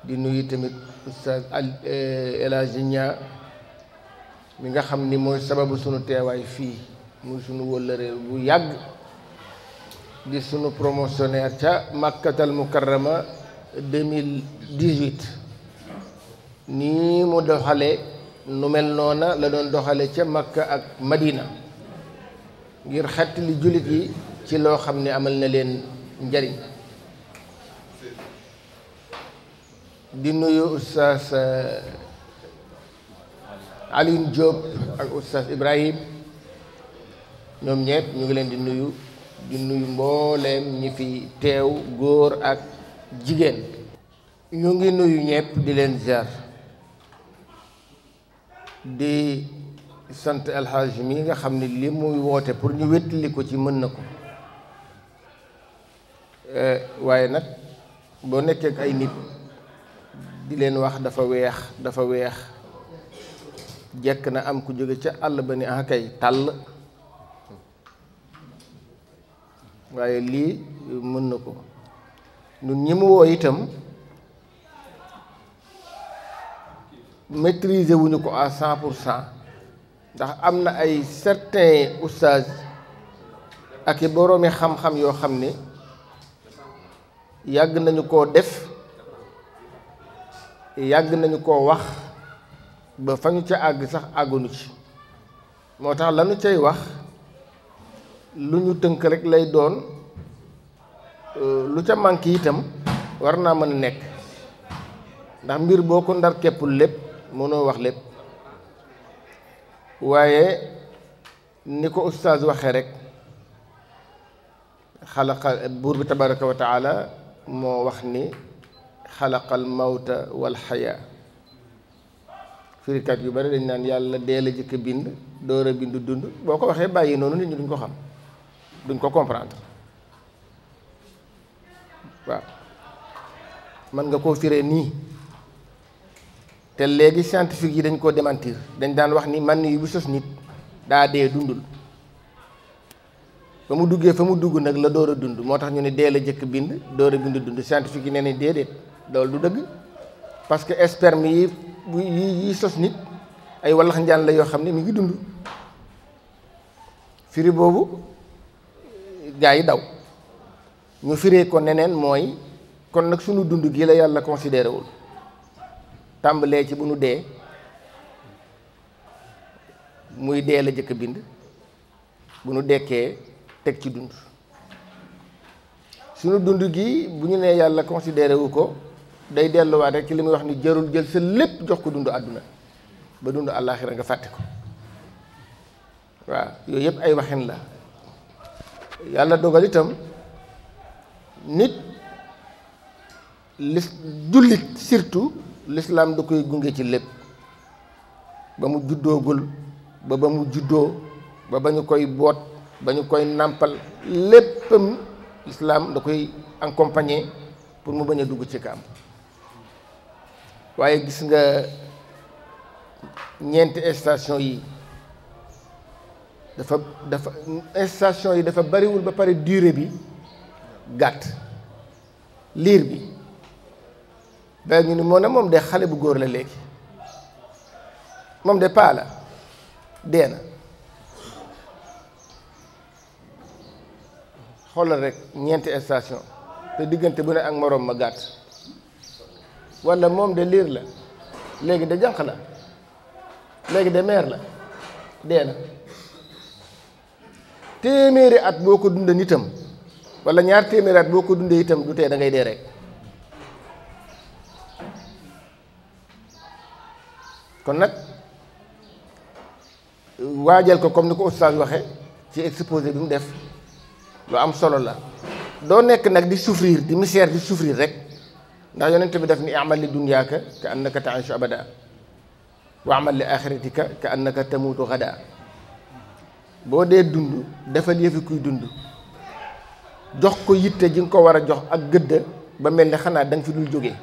di nuyu tamit oustaz eh, El Hadji mi nga xam ni mooy sababu sunu teewaay fii muy sunu wëllëre bu yàgg di sunu promotionnaire ca màkkatal mukarrama 2018 nii mu doxale nu mel noona la doon doxale ca màkk ak madina ngir xett li jullit yi ci loo xam ne amal na leen njariñ di nuyu ustaas euh, Alioune Diop ak oustaz Ibrahim ñoom ñëpp ñu ngi leen di nuyu di nuyu mbooleem ñi fi teew góor ak jigéen ñu ngi nuyu ñëpp di leen ziar di sant alxaaj mi nga xam ne li muy woote pour ñu wéttali ko ci mën na ko eh, waaye nag boo nekkee ay nit di leen wax dafa weex dafa weex jekk na am ku jóge ca àll ba ni ah kay tàll waaye lii mën na ko ñun ñi mu woo itam maîtriser wuñu ko à cent pour cent ndax am na ay certains oustaz ak i boroomi xam-xam yoo xam ne yàgg nañu koo def yàgg nañu koo wax ba fa ñu ca àgg sax àggunu ci moo tax lanu cay wax lu ñu tënk rek lay doon euh, lu ca manqué itam war naa mën a nekk ndax mbir boo ko ndar keppul lépp mënoo wax lépp waaye ni ko ustaaz waxee rek xalaqa buur bi tabaraka wa moo wax ni xalaqal mawta wal xayaa firikat yu bari dañ naan yàlla dee la jëkk bind door a bind dund boo ko waxee bàyyi noonu nit ñu duñ ko xam duñ ko comprendre waaw mën nga koo firee nii te léegi scientifique yi dañ koo démentir dañ daan wax ni man yu bu sos nit daa dee dundul ba mu duggee fa mu dugg nag la door a dund moo tax ñu ne dee la jëkk bind door a bind dund scientifique yi nee nañ déedéet loolu du dëgg parce que yi bu yi sos nit ay wallax njaan la yoo xam ne mu ngi dund firi boobu gaa yi daw ñu firee ko neneen mooy kon nag sunu dund gi la yàlla considéré wul tàmbalee ci bu nu dee muy dee la jëkk bind bu nu dekkee teg ci dund sunu dund gi bu ñu nee yàlla considéré ko day delluwaat rek ci li muy wax ni jarul jël sa lépp jox ko dund àdduna ba dund àllaaxira nga fàtte ko waaw yooyu yëpp ay waxin la yàlla dogal itam nit lis jullit surtout lislaam da koy gunge ci lépp ba mu juddoogul ba ba mu juddoo ba ba ñu koy boot ba ñu koy nàmpal léppam lislaam da koy accompagner pour mu bañ a dugg ci kàmb waaye gis nga ñeenti station yi dafa dafa station yi dafa bariwul ba pare dure bi gàtt liir bi ba ni moo na moom de xale bu góor la léegi moom de paa la dee na xoolal rek ñeenti station te diggante bu ne ak moroom ma gàtt wala moom de liir la léegi de jànq la léegi de meer la dee na téeméeri at boo ko dundee nitam wala ñaar téeméeri at boo ko dundee itam du tee da ngay dee rek kon nag waajal ko comme ni ko oustaz waxe ci exposé bi mu def lu am solo la doo nekk nag di souffrir di misère di souffrir rek ndax yonent bi daf ni amal li dunyaaka ka am taishu abada wa amal li axiratika ka annaka tamutu xada boo dee dund defal yëfi kuy dund jox ko yitte ji nga ko war a jox ak gëdda ba mel ni xanaa da fi dul jóge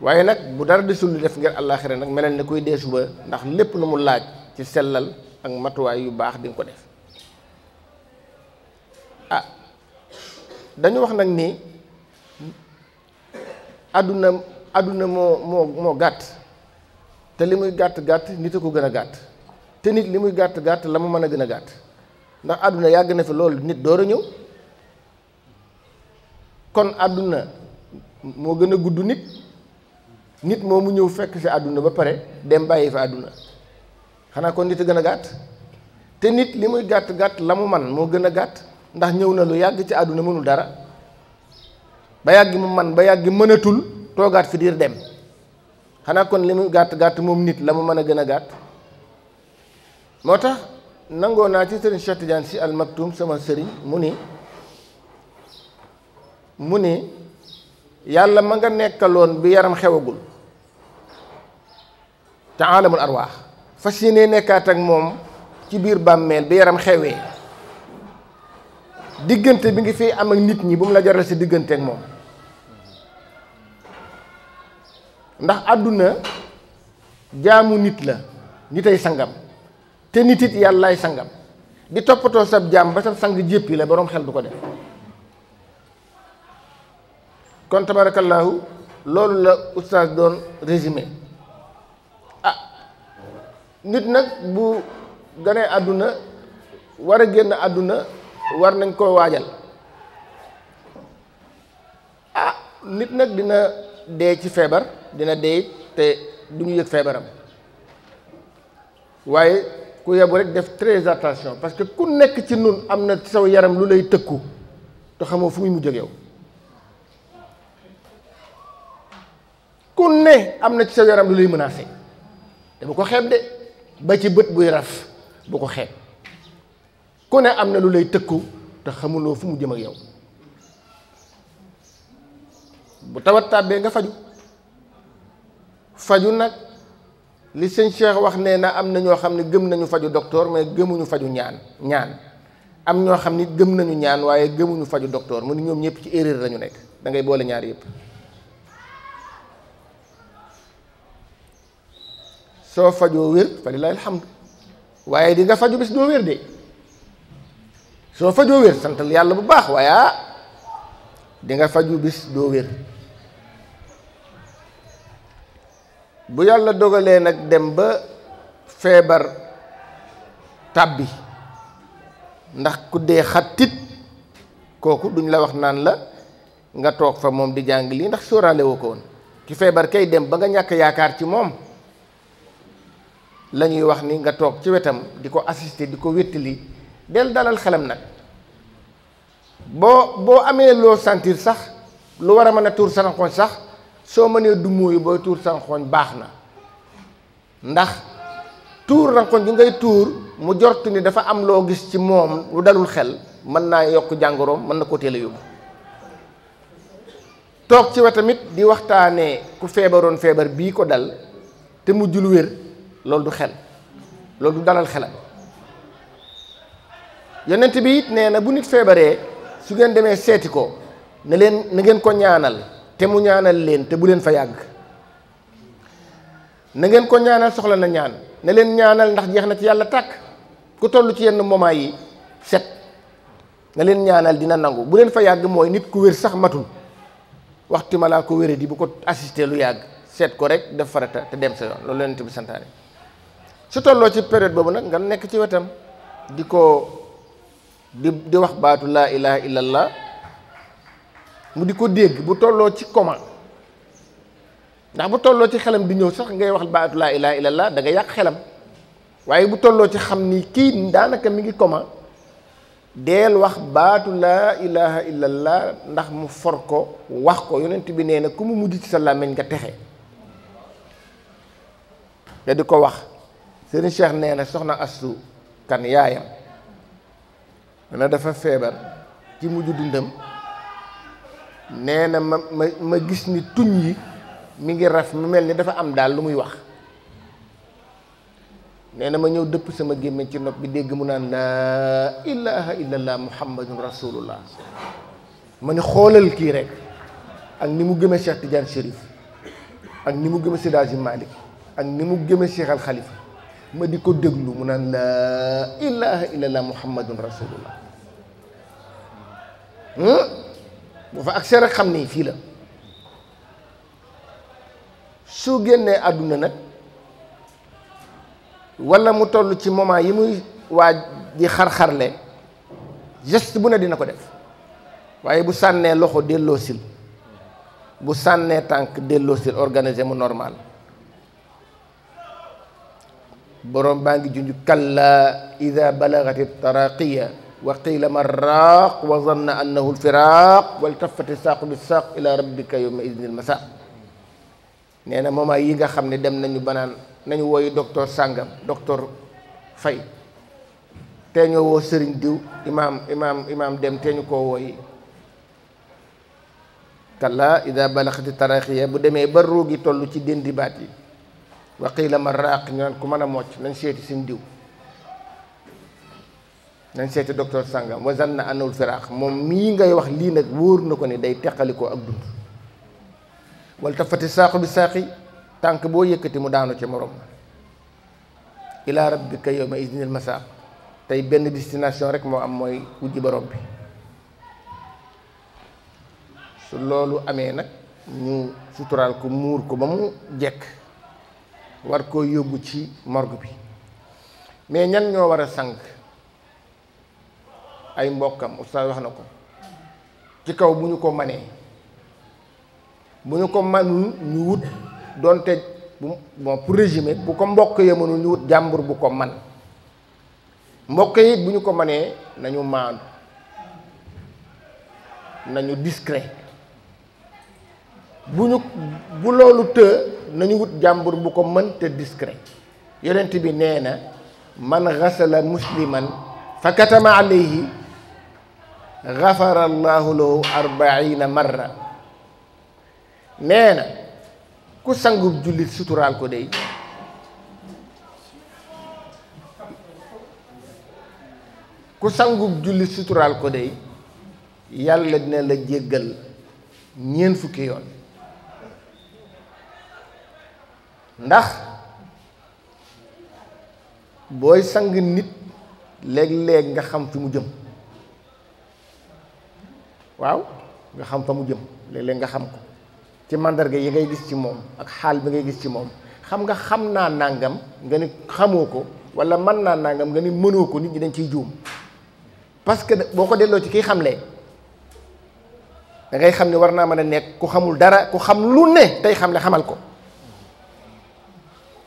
waaye nag bu dara desul lu def ngir àllaaxira nag melal ni kuy dee suba ndax lépp lu mu laaj ci sellal ak matuwaay yu baax di nga ko def ah dañu wax nag nii àdduna àdduna moo moo moo gàtt te li muy gàtt gàtt nit a ko gën a gàtt te nit li muy gàtt gàtt la mu mën a gën a gàtt ndax àdduna yàgg na fi loolu nit door a ñëw kon àdduna moo gën a gudd nit nit moo mu ñëw fekk fi àdduna ba pare dem bàyyi àdduna xanaa kon nit a gën a gàtt te nit li muy gàtt gàtt la mu man moo gën a gàtt ndax ñëw na lu yàgg ci àdduna mënul dara ba yàgg mu man ba yàgg mënatul toogaat fi diir dem xanaa kon li mu gàtt gàtt moom nit la mu mën a gën a gàtt moo tax nangoo naa ci sëriñ Cheikh Tidiane si almaktum sama sëriñ mu ni mu ni yàlla ma nga nekkaloon bi yaram xewagul te alamul arwaax fas yéene nekkaat ak moom ci biir bàmmeel bi yaram xewee diggante bi ngi fii am ak nit ñi bu mu la jaral si diggante ak moom ndax àdduna jaamu nit la nitay sangam te nit it yàllaay sangam di toppatoo sab jaam ba sab sang jéppi la boroom xel du ko def kon tabaarakallaahu loolu la oustaz doon résumé ah nit nag bu ganee àdduna war a génn àdduna war nañ koo waajal ah nit nag dina dee ci feebar dina dee te du ñu yëg feebaram waaye ku yebu rek def très attention parce que ku nekk ci nun am na saw yaram lu lay tëkku te xamoo fu muy mujj ak yow ku ne am na ci saw yaram lu lay menacé ko xeeb de ba ci bët buy bu ko xeeb ku ne am na lu lay tëkku te xamuloo fu mu jëm ak yow bu tawat tàbbee nga faju faju nag li sëñ Cheikh wax nee na am na ñoo xam ne gëm nañu faju docteur mais gëmuñu faju ñaan ñaan am ñoo xam ne gëm nañu ñaan waaye gëmuñu faju docteur mu ni ñoom ñëpp ci erreur lañu nekk dangay boole ñaar yëpp soo fajoo wér fa lillahi alhamdu waaye di nga faju bis doo wér de soo fajoo wér santal yàlla bu baax waaye ah. dinga nga faju bis doo wér bu yàlla dogalee nag dem ba feebar tàbbi ndax ku dee xattit kooku duñ la wax naan la nga toog fa moom di jàng lii ndax sóoraale ko woon ki feebar kay dem ba nga ñàkk yaakaar ci moom la ñuy wax ni nga toog ci wetam di ko assisté di ko wéttali del dalal xelam nag boo boo amee loo sentir sax lu war a mën a tuur sa sax soo mënee du muuyu booy tuur sànqooñ baax na ndax tuur ranqooñ gi ngay tuur mu jort ni dafa am loo gis ci moom lu dalul xel mën naa yokk jàngoroom mën na koo teel a yóbbu toog ci wa tamit di waxtaanee ku feebaroon feebar bii ko dal te mu jul wér loolu du xel lool du dalal xelam yonent bi it nee na bu nit feebaree su ngeen demee seeti ko ne leen na ngeen ko ñaanal te mu ñaanal leen te bu leen fa yàgg na ngeen ko ñaanal soxla na ñaan na leen ñaanal ndax jeex na ci yàlla tàkk ku toll ci yenn moment yi set na leen ñaanal dina nangu bu leen fa yàgg mooy nit ku wér sax matul waxtu ma laa ko wéree di bu ko assister lu yàgg seet ko rek def farata te dem sa yoon loolu leen bi santaane su tolloo ci période boobu nag nga nekk ci wetam di ko di di wax baatu laa ilaha illallah mu di ko dégg bu tolloo ci coma ndax bu tolloo ci xelam di ñëw sax ngay wax baatu laa ilaaha illallaah laa nga yàq xelam waaye bu tolloo ci xam ni kii daanaka mi ngi coma deel wax baatu laa ilaaha illallaah ndax mu for ko wax ko yonent bi nee na ku mu mujj ci sa làmmiñ nga texe nga di ko wax sëriñ Cheikh nee na soxna Astu kan yaayam na dafa feebar ci mujj dundam nee na ma ma ma gis ni tuñ yi mi ngi raf mu mel ni dafa am daal lu muy wax nee na ma ñëw dëpp sama gémmiñ ci nopp bi dégg mu naan laa ilaha illallah muhammadun rasulullah ma ne xoolal kii rek ak ni mu gëme Cheikh Tidiane Chérif ak ni mu gëme Seydi Hadji ak ni mu gëme Cheikh Al ma di ko déglu mu naan laa ilaha illallah muhammadun rasulullah hmm? bu fa accès rek xam ni fii la su génnee àdduna nag walla mu toll ci moment yi muy waa di xar-xarle geste bu ne dina ko def waaye bu sànnee loxo delloosil bu sànnee tànk delloo sil mu normal boroom baa ngi junj kalla ida balagati taraqiya وقيل من راق وظن أنه الفراق والتفت الساق بالساق إلى ربك يومئذ المساق nee na moment yi nga xam ne dem nañu banaan nañu wooyu docteur sàngam docteur Faye tee ñoo woo sëriñ diw imaam imaam imaam dem tee ñu koo wooyi kalla ida balaxati taraxiya bu demee ba ruugi toll ci déndi baat yi wa qila man raaq ñu naan ku mën a mocc nañ seeti seen diw nañ seeti docteur sàngam wa na anul firaax moom mii ngay wax lii nag wóor na ko ne day teqalikoo ak dund wal tafati saaqu bi saaqi tànk boo yëkkati mu daanu ci morom ilaa rabbika yawma idinil masaaq tey benn destination rek moo am mooy wujji borom bi su loolu amee nag ñu suturaal ko muur ko ba mu jekk war koo yóbbu ci morgue bi mais ñan ñoo war a sang ay mbokkam oustaz wax na ko ci kaw bu ñu ko manee bu ñu ko manul ñu wut donte bon pour résumer bu ko mbokk ya mënul ñu wut jàmbur bu ko man mbokk yi bu ñu ko manee nañu maandu nañu discret bu ñu bu loolu të nañu wut jàmbur bu ko mën te discret yonent bi nee na man xasala musliman fakatama alayhi gafara allahu lahu arbaina nee na ku sangub jullit suturaal ko dey ku sangub jullit suturaal ko dey yàlla dina la jéggal ñeent fukki yoon ndax booy sang nit léeg-léeg nga xam fi mu jëm waaw nga xam fa mu jëm léeg nga xam ko ci mandarga yi ngay gis ci moom ak xaal bi ngay gis ci moom xam nga xam naa nangam nga ni xamoo ko wala mën naa nangam nga ni mënoo ko nit ñi dañ ciy juum parce que boo ko delloo ci kii xamle da ngay xam ni war naa mën a nekk ku xamul dara ku xam lu ne tey xam xamle xamal ko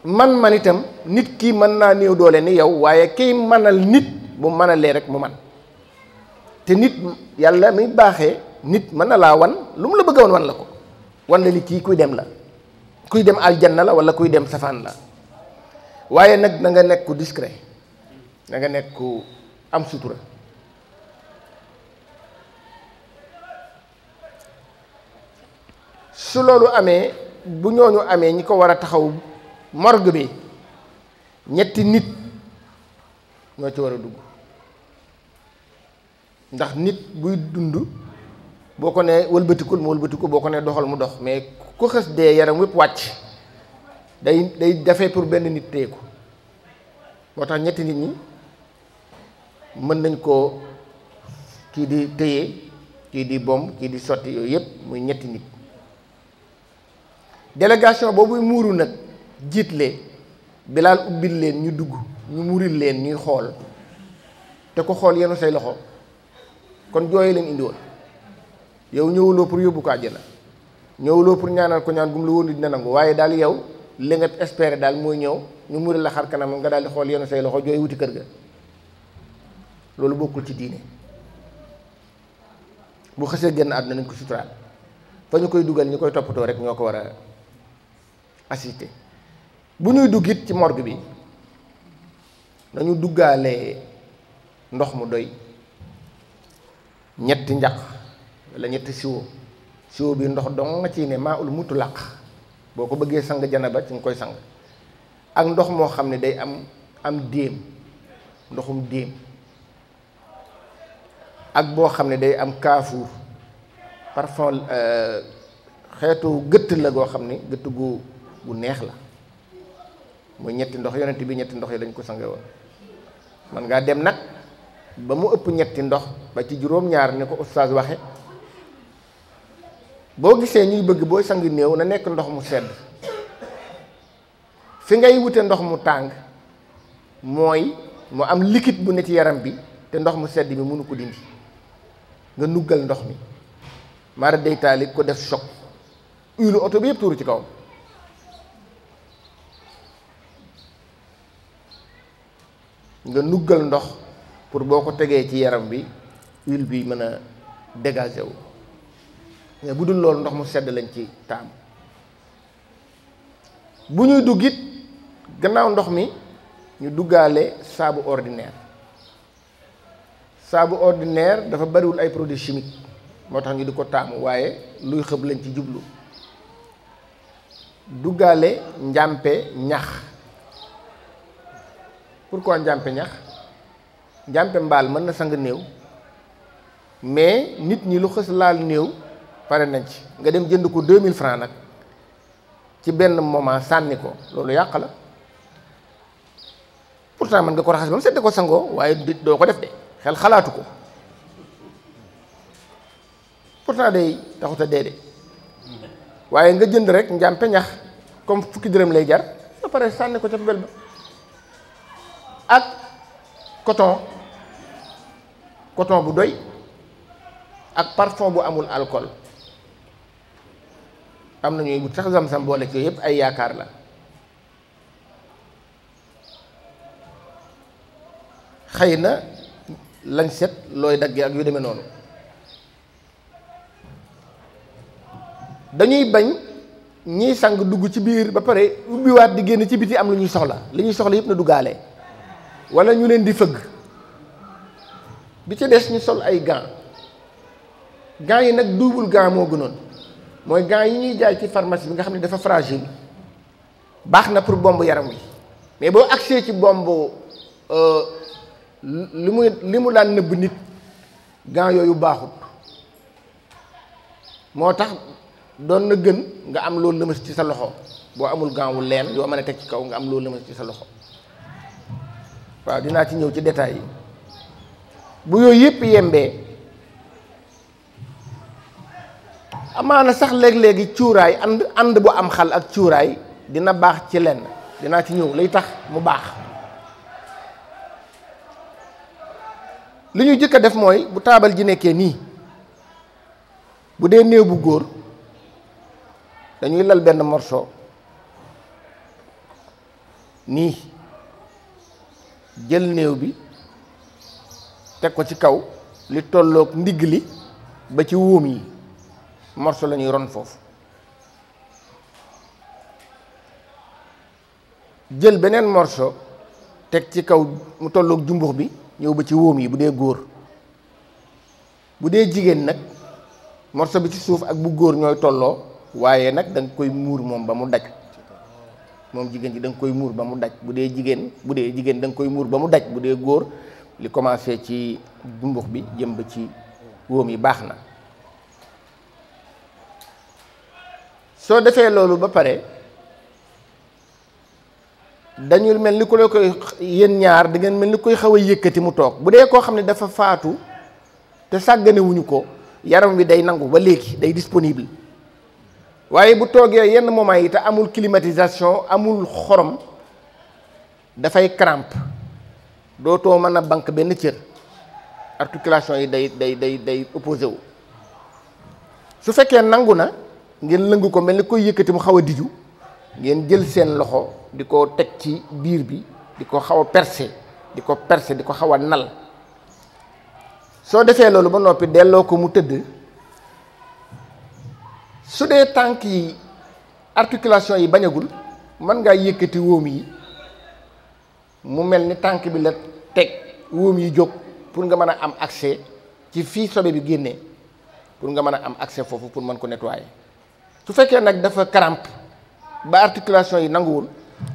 man man itam nit kii mën naa néew doole ni yow waaye kiy manal nit bu manalee rek mu man te nit yàlla mi baaxe nit mën na laa wan lu mu la bëgg wan la ko wan la ni kii kuy dem la kuy dem aljanna la wala kuy dem safaan la waaye nag na nga nekk ku discret na nga nekk ku am sutura su loolu amee bu ñooñu amee ñi ko war a taxaw morgue bi ñetti nit ñoo ci war a dugg ndax nit buy dund boo ko nee wëlbatikul mu wëlbatiku boo ko nee doxal mu dox mais ku xës dee yaram wépp wàcc day day defe pour benn nit téye ko moo tax ñetti nit ñi mën nañ koo kii di téye kii di bomb kii di sotti yooyu yëpp muy ñetti nit délégation boobu muuru nag jiitle bilaal ubbil leen ñu dugg ñu muuril leen ñuy xool te ko xool yenu say loxo kon jooyee leen indi yow ñëwuloo pour yóbbu ko àjjana ñëwuloo pour ñaanal ko ñaan gum la woon dina nangu waaye daal yow li nga espérer daal mooy ñëw ñu mural la xar kanam nga daal di xool yenn say loxo jooy wuti kër ga loolu bokkul ci diine bu xësee génn àdduna nañ ko suturaal fa ñu koy dugal ñu koy toppatoo rek ñoo ko war a assister bu ñuy dugg it ci morgue bi nañu duggaale ndox mu doy ñetti njaq wala ñetti siwo siwo bi ndox dong ci ciy ne maa ul mutlaq boo ko bëggee sang janaba ci nga koy sang ak ndox moo xam ne day am am déem ndoxum déem ak boo xam ne day am kaafuur parfum euh, xeetu gëtt la goo xam ne gëtt gu gu neex la muy ñetti ndox yonent bi ñetti ndox yi lañ ko sange woon man ngaa dem nag ba mu ëpp ñetti ndox ba ci juróom-ñaar ni ko oustaz waxe boo gisee ñuy bëgg booy sang néew na nekk ndox mu sedd fi ngay wute ndox mu tàng mooy mu am liquide bu ne ci yaram bi te ndox mu sedd bi mënu ko dindi nga nuggal ndox mi mara day taali ko def choc huile oto bi yëpp tuuru ci kawam nga nuggal ndox pour boo ko tegee ci yaram bi huile bi mën a dégagé wu mais bu dul loolu ndox mu sedd lañ ci taam bu ñuy dugg gannaaw ndox mi ñu duggaale saabu ordinaire saabu ordinaire dafa bariwul ay produits chimiques moo tax ñu di ko taamu waaye luy xëb lañ ci jublu duggaale njàmpe ñax pour pourquoi njàmpe ñax njàmpe mbaal mën na sang néew mais nit ñi lu xës laal néew pare nañ ci nga dem jënd ko 2000 francs nag ci benn moment sànni ko loolu yàq la pourtant mën nga ko raxas ba mu sedd ko sangoo waaye doo ko def de xel xalaatu ko pourtant day taxut a dee de waaye nga jënd rek njàmpe ñax comme fukki dërëm lay jar ba pare sànni ko ca poubelle ba ak coton coton bu doy ak parfum bu amul alcool am na ñuy bu sax ay yaakaar la xëy na lañ set looy daggee ak yu demee dañuy bañ ñiy sang dugg ci biir ba pare ubbiwaat di génn ci biti am lu ñuy soxla li ñuy soxla yépp na duggaale wala ñu leen di fëgg bi ci des ñu sol ay gants gants yi nag double gants moo gënoon mooy gants yi ñuy jaay ci pharmacie bi nga xam ne dafa fragile baax na pour bomb yaram wi mais boo agsee ci bomb euh, li muy li mu daan nëbb nit gants yooyu baaxut moo tax doon na gën nga am loolu lëmas ci sa loxo boo amul gant wu leen yoo mën a teg ci kaw nga am loolu lëmas ci sa loxo waaw dinaa ci ñëw ci détails yi bu yooyu yëpp yembee amaana sax léeg-léegi cuuraay ànd ànd bu am xal ak cuuraay dina baax ci lenn dinaa ci ñëw lay tax mu baax li ñu jëkk a def mooy bu taabal ji nekkee nii bu dee néew bu góor dañuy lal benn morso nii jël néew bi teg ko ci kaw li tolloog ndigg li ba ci wóom yi morso lañuy ron foofu jël beneen morso teg ci kaw mu tolloog jumbux bi ñëw ba ci wóom yi bu dee góor bu dee jigéen nag morso bi ci suuf ak bu góor ñooy tolloo waaye nag da koy muur moom ba mu daj moom jigéen ji da koy muur ba mu daj bu dee jigéen bu dee jigéen da koy muur ba mu daj bu dee góor li commencé ci bumbux bi jëm ci wóom yi baax na soo defee loolu ba pare dañu mel ni ku la koy yéen ñaar da ngeen mel ni koy xaw a yëkkati mu toog bu dee koo xam ne dafa faatu te sàgganewuñu ko yaram bi day nangu ba léegi day disponible waaye bu toogee yenn moment yi te amul climatisation amul xorom dafay crampe dootoo mën a banque benn cër articulation yi day day day day opposé wu su fekkee nangu na ngeen lëngu ko mel ni koy yëkkati mu xaw a diju ngeen jël seen loxo di ko teg ci biir bi di ko xaw a percé di ko percé di ko xaw a nal soo defee loolu ba noppi delloo ko mu tëdd su dee tànk yi articulation yi bañagul mën ngaa yëkkati woom yi mu mel ni tànk bi la teg wóom yi jóg pour nga mën a am accès ci fii sobe bi génnee pour nga mën a am accès foofu pour mën ko nettoyer su fekkee nag dafa crampe ba articulation yi nanguwul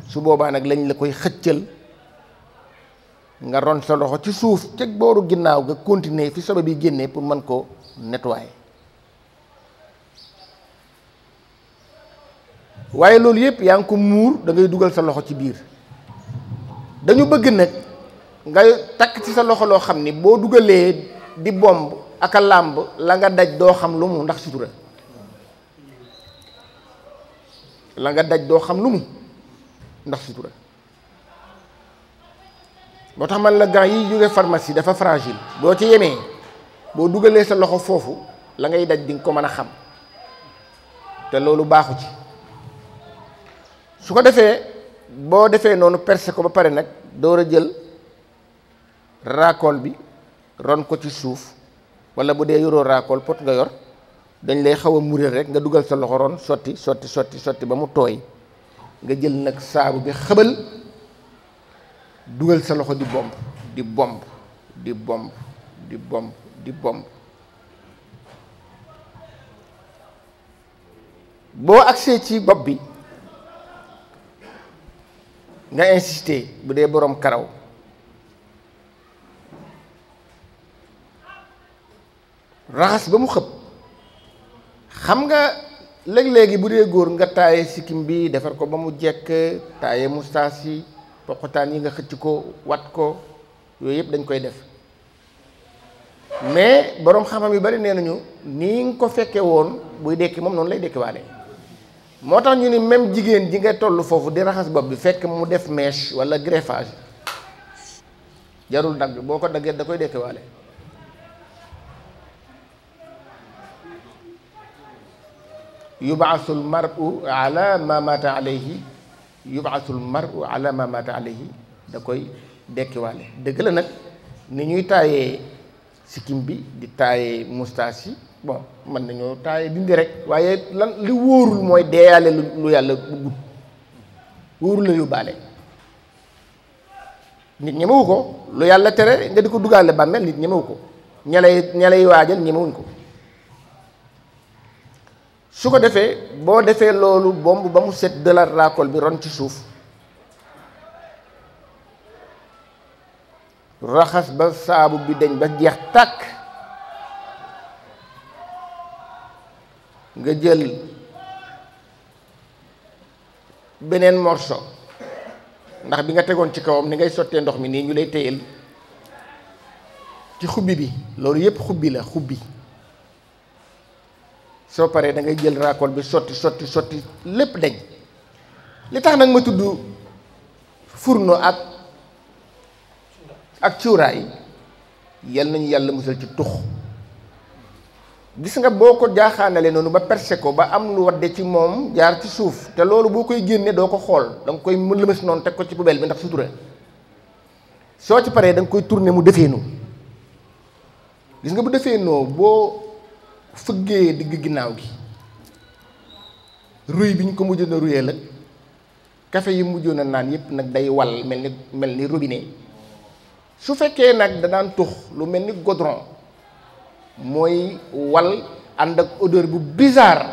su boobaa nag lañ la koy xëccal nga ron sa loxo ci suuf teg booru ginnaaw nga continuer fi sobe bi génnee pour mën ko nettoyer waaye loolu yëpp yaa ngi ko muur dangay dugal sa loxo ci biir dañu bëgg nag nga takk ci sa loxo loo xam ni boo dugalee di bomb aka làmb la nga daj doo xam lu mu ndax sutura la nga daj doo xam lu mu ndax moo tax man la gants yi jóge pharmacie dafa fragile boo ci yemee boo dugalee sa loxo foofu la ngay daj di nga ko mën a xam te loolu baaxu ci su ko defee boo defee noonu percé ko ba pare nag doo a jël raakool bi ron ko ci suuf wala bu dee yoroo raakool pot nga yor dañ lay xaw a muréel rek nga dugal sa loxo ron sotti sotti sotti sotti ba mu tooy nga jël nag saabu bi xëbal dugal sa loxo di bomb di bomb di bomb di bomb di bomb boo agsee ci bopp bi nga insister bu dee boroom karaw raxas ba mu xëpp xam nga léeg-léegi bu dee góor nga taaye sikkim bi defar ko ba mu jekk taaye mustaas yi yi nga xëcc ko wat ko yooyu yëpp dañ koy def mais boroom xam yu bari nee nañu ni nga ko fekkee woon buy dekki moom noonu lay dekkiwaale moo tax ñu ni même jigéen ji nga toll foofu di raxas bopp bi fekk mu def mèche walla greffage jarul dagg boo ko daggee da koy dekkiwaale yubaasul maru ala ma mata alayhi yubaasul maru ala ma mata alayhi da koy dekkiwaale dëgg la nag ni ñuy taayee sikkim bi di taayee moustache bon mën nañoo taaye dindi rek waaye lan li wóorul mooy deeyaale lu yàlla bëggut wóorul la yóbbaale nit ñemewu ko lu yàlla tere nga di ko dugaale bàmmeel nit ñemewu ko ña lay ña lay waajal ñemewuñ ko su ko defee boo defee loolu bomb ba mu set dëlar raakol bi ron ci suuf raxas ba saabu bi dañ ba jeex tàkk nga jël beneen morso ndax bi nga tegoon ci kawam ni ngay sottee ndox mi nii ñu lay téyel ci xubbi bi loolu yépp xubbi la xubbi soo paree dangay jël raakool bi sotti sotti sotti lépp dañ li tax nag ma tudd furno ak ak cuuraay yal nañu yàlla musal ci tux gis nga boo ko jaaxaanale noonu ba percé ko ba am lu wadde ci moom jaar ci suuf te loolu boo koy génne doo ko xool danga koy lëmës noonu teg ko ci poubelle bi ndax sutura soo ci paree danga koy tourner mu defee noo gis nga bu defee noo boo fëggee digg ginnaaw gi ruy bi ñu ko mujj na ruyee la café yi mujjoon a naan yépp nag day wal mel ni mel ni robinet su fekkee nag danaan tux lu mel ni godron mooy wal ànd ak odeur bu bizarre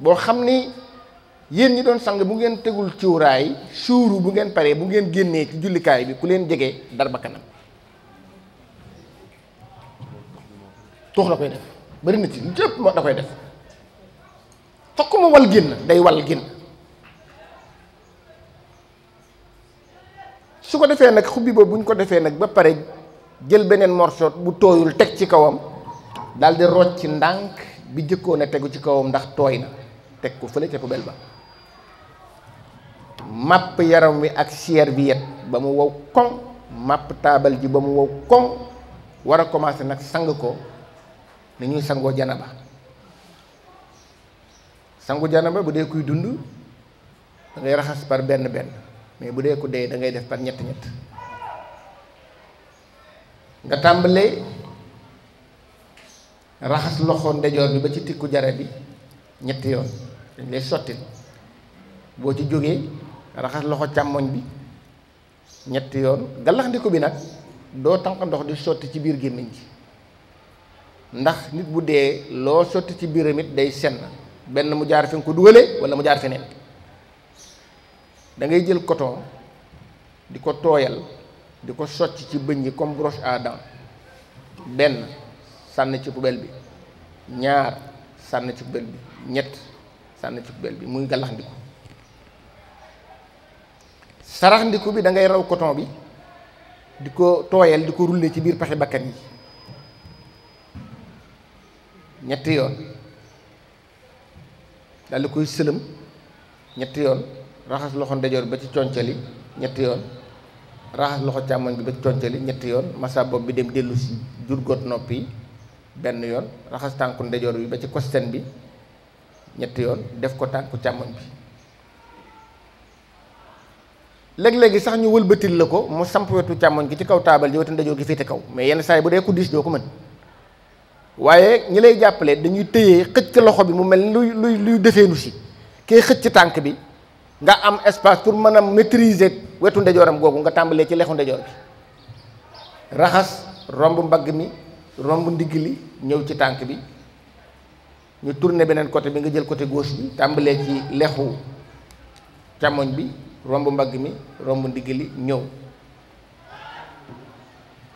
boo xam ni yéen ñi doon sang bu ngeen tegul cuuraay suuru bu ngeen paree bu ngeen génnee ci jullikaay bi ku leen jege dar ba kanam tuux la koy def bari na ci lépp moo da koy def fokk mu wal génn day wal génn su ko defee nag xubbi boobu bu ñu ko defee nag ba pare jël beneen morceau bu tooyul teg ci kawam daal di rocc ndànk bi jëkkoon a tegu ci kawam ndax tooy na teg ko fële ca poubelle ba màpp yaram wi ak bi yet ba mu wow koŋ màpp taabal ji ba mu wow koŋ war a commencé nag sang ko ni ñuy sangoo janaba sangu janaba bu dee kuy dund da ngay raxas par benn benn mais bu dee ku dee da ngay def par ñett ñett nga tàmbalee raxas loxo ndejoor bi ba ci tikku jara bi ñetti yoon dañ lay sotti boo ci jógee raxas loxo càmmoñ bi ñetti yoon gallaxndiku bi nag doo tànq ndox di sotti ci biir gémmiñ ji ndax nit bu dee loo sotti ci biiram it day senn benn mu jaar fi nga ko dugalee wala mu jaar feneen dangay jël coton di ko tooyal di ko socc ci bëñ yi comme brosse à benn sànni ci poubelle bi ñaar sànni ci poubelle bi ñett sànni ci poubelle bi muy gàllaxndiku saraxndiku bi dangay raw coton bi di ko tooyal di ko rulle ci biir paxi bakkan yi ñetti yoon dal koy sëlëm ñetti yoon raxas loxo ndejoor ba ci concali ñetti yoon raxas loxo càmmoñ bi ba ci concali ñetti yoon masa bopp bi dem dellu si nopp noppi benn yoon raxas tànku ndejoor bi ba ci kosten bi ñetti yoon def ko tànku càmmoñ bi léeg-léegi sax ñu wëlbatil la ko mu samp wetu càmmoñ gi ci kaw taabal ji wetu ndejoor gi féete kaw mais yenn saa yi bu dee ku diis doo ko mën waaye ñi lay jàppale dañuy tëyee xëcc loxo bi mu mel luy luy luy defeenu si kee xëcc tànk bi nga am espace pour mën a maîtriser wetu ndejooram googu nga tàmbalee ci lexu ndejoor bi raxas romb mbagg mi romb ndigg li ñëw ci tànk bi ñu tourné beneen côté bi nga jël côté gauche bi tàmbalee ci lexu càmmoñ bi romb mbagg mi romb ndigg li ñëw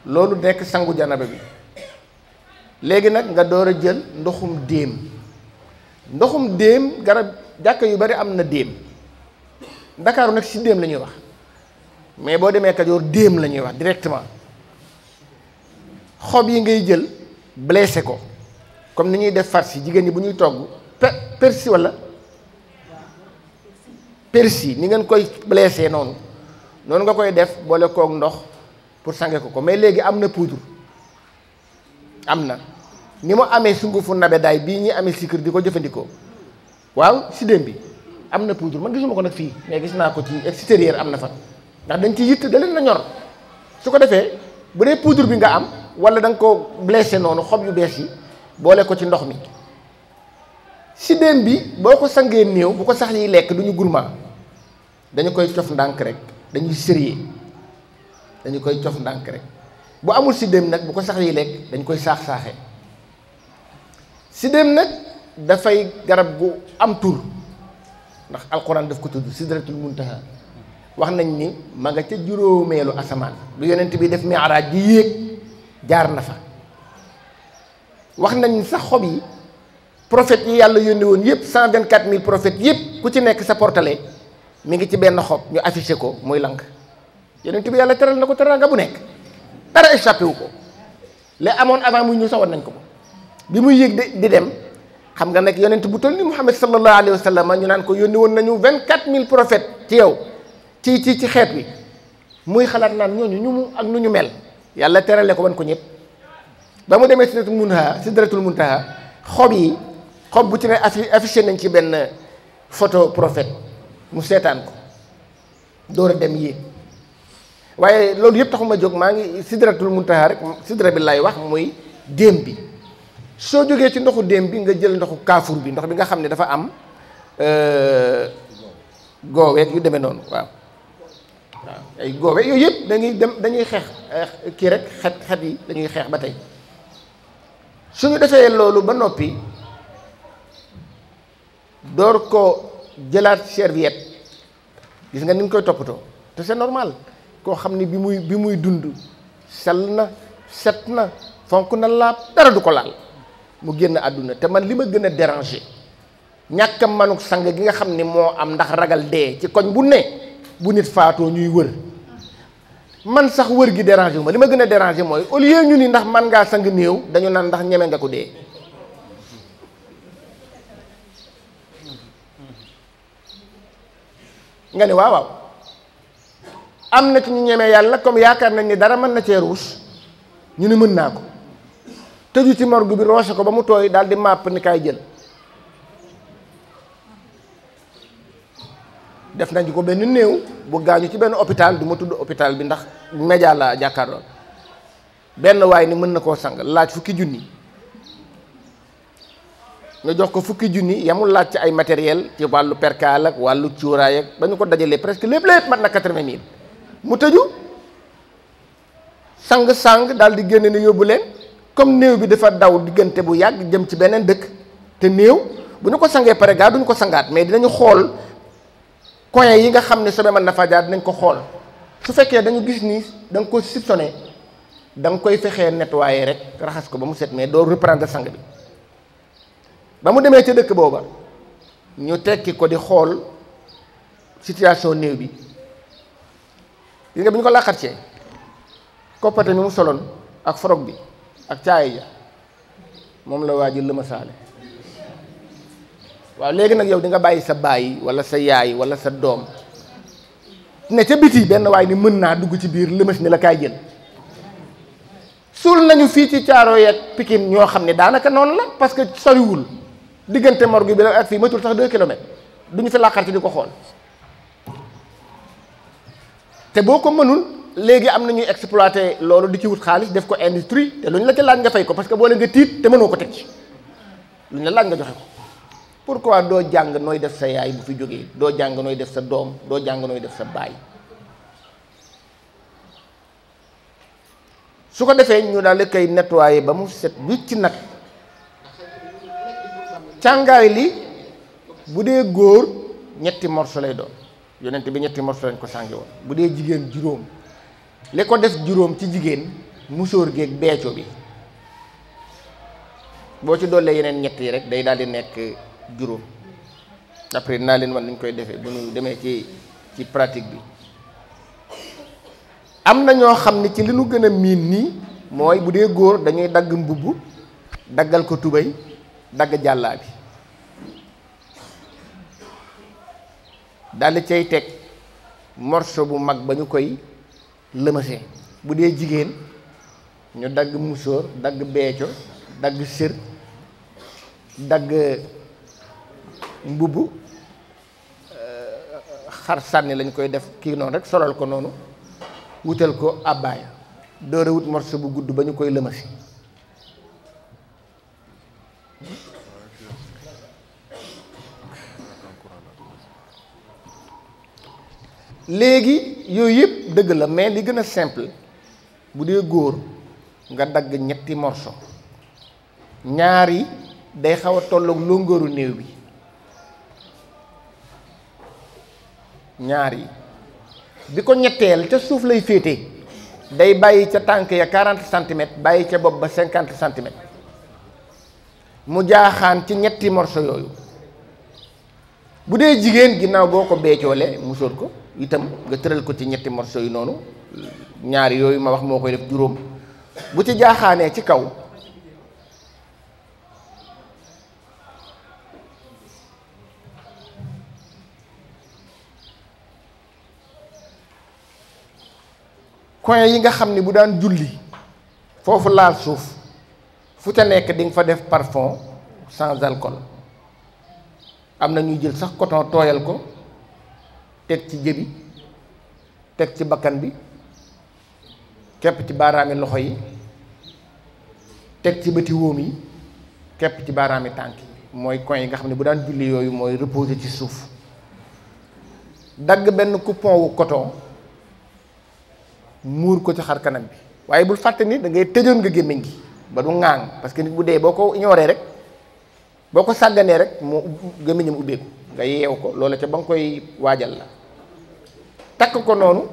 loolu nekk sangu janaba bi léegi nag nga door a jël ndoxum déem ndoxum déem garab jàkka yu bari am na déem ndakaaru nag si déem la ñuy wax mais boo demee Kajoor déem la ñuy wax directement xob yi ngay jël blessé ko comme ni ñuy def farci jigéen ñi bu ñuy togg per persi walla persi ni ngeen koy blessé noonu noonu nga koy def boole kook ndox pour sange ko ko mais léegi am na poudre am na ni mu amee sungufu nabedaay bii ñuy amee sikir di ko jëfandikoo waaw si bi am na poudre man gisuma ko nag fii mais gis naa ko ci extérieur am na fa ndax dañ ci yitt da leen na ñor su ko defee bu dee poudre bi nga am. wala da nga ko blessé noonu xob yu bees yi boole ko ci ndox mi siddéem bi boo ko sangee néew bu ko sax yi lekk duñu ñu dañu koy cof ndànk rek dañuy sérieux dañu koy cof ndànk rek bu amul siddéem nag bu ko sax yi lekk dañ koy saax-saaxee siddéem nag dafay garab gu am tur ndax alxuraan daf ko tudd sidratul muntaha wax nañ ni ma nga ca juróomeelu asamaan lu yonent bi def mi'raaj di yéeg jaar na fa wax nañ sax xob yi prophètes yi yàlla yónni woon yëpp cent vingt quatre mille prophètes yëpp ku ci nekk sa portale mi ngi ci benn xob ñu affiché ko muy lank yonent bi yàlla teral na ko teranga bu nekk dara échappé wu ko la amoon avant muy ñëw sax nañ ko ko bi muy yéeg di di dem xam nga nag yonent bu toll ni Muhammad sallallahu alayhi wa sallam ñu naan ko yónni woon nañu vingt quatre mille prophètes ci yow ci ci ci xeet wi muy xalaat naan ñooñu ñu mu ak nu ñu mel yàlla terale ko wan ko ñëpp ba mu demee sidratul muntaha sidratul muntaha xob yi xob bu ci ne affiché nañ ci benn photo prophète mu seetaan ko door a dem yéeg waaye loolu yëpp taxuma jóg maa ngi sidratul muntaha rek sidra bi lay wax muy déem bi soo jógee ci ndoxu déem bi nga jël ndoxu kaafur bi ndox bi nga xam ne dafa am euh, gooweeg yu demee noonu waaw waaw ay goobe yooyu yëpp dañuy dem dañuy xeex eh, kii rek xet xet yi dañuy xeex ba tey suñu defee loolu ba noppi door ko jëlaat serviette gis nga ni koy toppatoo te c'est normal koo xam ni bi muy bi muy dund sel na set na fonk na laab dara du ko laal mu génn àdduna te man li ma gën a déranger ñàkk a manuk sang gi nga xam ni moo am ndax ragal dee ci koñ bu ne bu nit faatoo ñuy wër man sax wër gi déranger wu ma li ma gën a déranger mooy au lieu ñu ni ndax man ngaa sang néew dañu naan ndax ñeme nga ko dee nga ne waaw waaw am na ci ñu ñeme yàlla comme yaakaar nañ ni dara mën na cee ruus ñu ni mën naa ko tëju ci morgue bi roose ko ba mu tooy daal di màpp ni kaay jël def nañ ko benn néew bu gaañu ci benn hôpital du ma tudd hôpital bi ndax média laa jàkkaarloo benn waay ni mën na koo sang laaj fukki junni nga jox ko fukki junni yamul laaj ci ay matériel ci wàllu perkaal wàllu cuuraay ak ba ñu ko dajalee presque lépp lépp mat na quatre-vingt mu tëju sang-sang daal di génne ne yóbbu leen comme néew bi dafa daw diggante bu yàgg jëm ci beneen dëkk te néew bu ñu ko sangee pare gaa duñu ko sangaat mais dinañu xool coin yi nga xam ne sobe man na faa jaar dinañ ko xool su fekkee dañu gis ni da nga ko soupçonné da nga koy fexee nettoyer rek raxas ko ba mu set mais doo reprendre sang bi ba mu demee ca dëkk booba ñu tekki ko di xool situation néew bi gis nga bi ñu ko làqatee koppate mi mu soloon ak forog bi ak caaya ja moom la waa jël ma saale waaw léegi nag yow di nga bàyyi sa baay wala sa yaay wala sa doom ne ca biti benn waay ni mën naa dugg ci biir lëmës ni la kaay jël suul nañu fii ci caaro ak Pikine ñoo xam ne daanaka noonu la parce que soriwul diggante morgue bi la ak fii matul sax deux kilomètres duñu fi làqar ci di ko xool te boo ko mënul léegi am na ñuy exploité loolu di ci wut xaalis def ko industrie te lu ñu la ca laaj nga fay ko parce que boole nga tiit te mënoo ko teg ci lu ñu la nga joxe ko pour quoi doo jàng nooy def sa yaay bu fi jógee doo jàng nooy def sa doom doo jàng nooy def sa baay su ko defee ñu daal di koy nettoyer ba mu set wicc nag càngaay li bu dee góor ñetti morso lay doon yonent bi ñetti morso lañ ko sàngi woon bu dee jigéen juróom li ko des juróom ci jigéen musóor géeg beeco bi boo ci dollee yeneen ñett yi rek day daal di nekk juróom après naa leen wan nuñ koy defee bu ñu demee ci ci pratique bi am na ñoo xam ne ci li nu gën a miin nii mooy bu dee góor dañuy dagg mbubb daggal ko tubéy dagg jàllaa bi daldi cay teg morso bu mag ba ñu koy lëmase bu dee jigéen ñu dagg musóor dagg beeco dagg sër dagg mbubb euh, xar sànni lañ koy def kii noonu rek solal ko noonu wutal ko abbaaya doore wut morso bu gudd ba ñu koy lëmasi léegi yooyu yëpp dëgg la mais li gën a simple bu dee góor nga dagg ñetti morso ñaari day xaw a tolloog ngóoru néew bi ñaar yi bi ko ñetteel ca suuf lay féete day bàyyi ca tànk ya 40 centimètres bàyyi ca bopp ba 50 centimètres mu jaaxaan ci ñetti morceau yooyu bu dee jigéen ginnaaw boo ko beecoole musóor ko itam nga tëral ko ci ñetti morceau yu noonu ñaar yooyu ma wax moo koy def juróom bu ci jaaxaanee ci kaw coin yi nga xam ni bu daan julli foofu laal suuf fu ca nekk di fa def parfum sans alcool am na ñuy jël sax coton tooyal ko teg ci jëbi teg ci bakkan bi kepp ci baaraami loxo yi teg ci bëti wóom yi kepp ci baaraami tànk yi mooy coin yi nga xam ne bu daan julli yooyu mooy reposer ci suuf dagg benn coupon wu coton muur ko ci xar kanam bi waaye bul fàtte ni da ngay tëjoon nga gémmiñ gi ba du ŋaang parce que nit bu dee boo ko ignoree rek boo ko sàgganee rek moo gémmiñam ubbeeku nga yeew ko loola ca ba nga koy waajal la takk ko noonu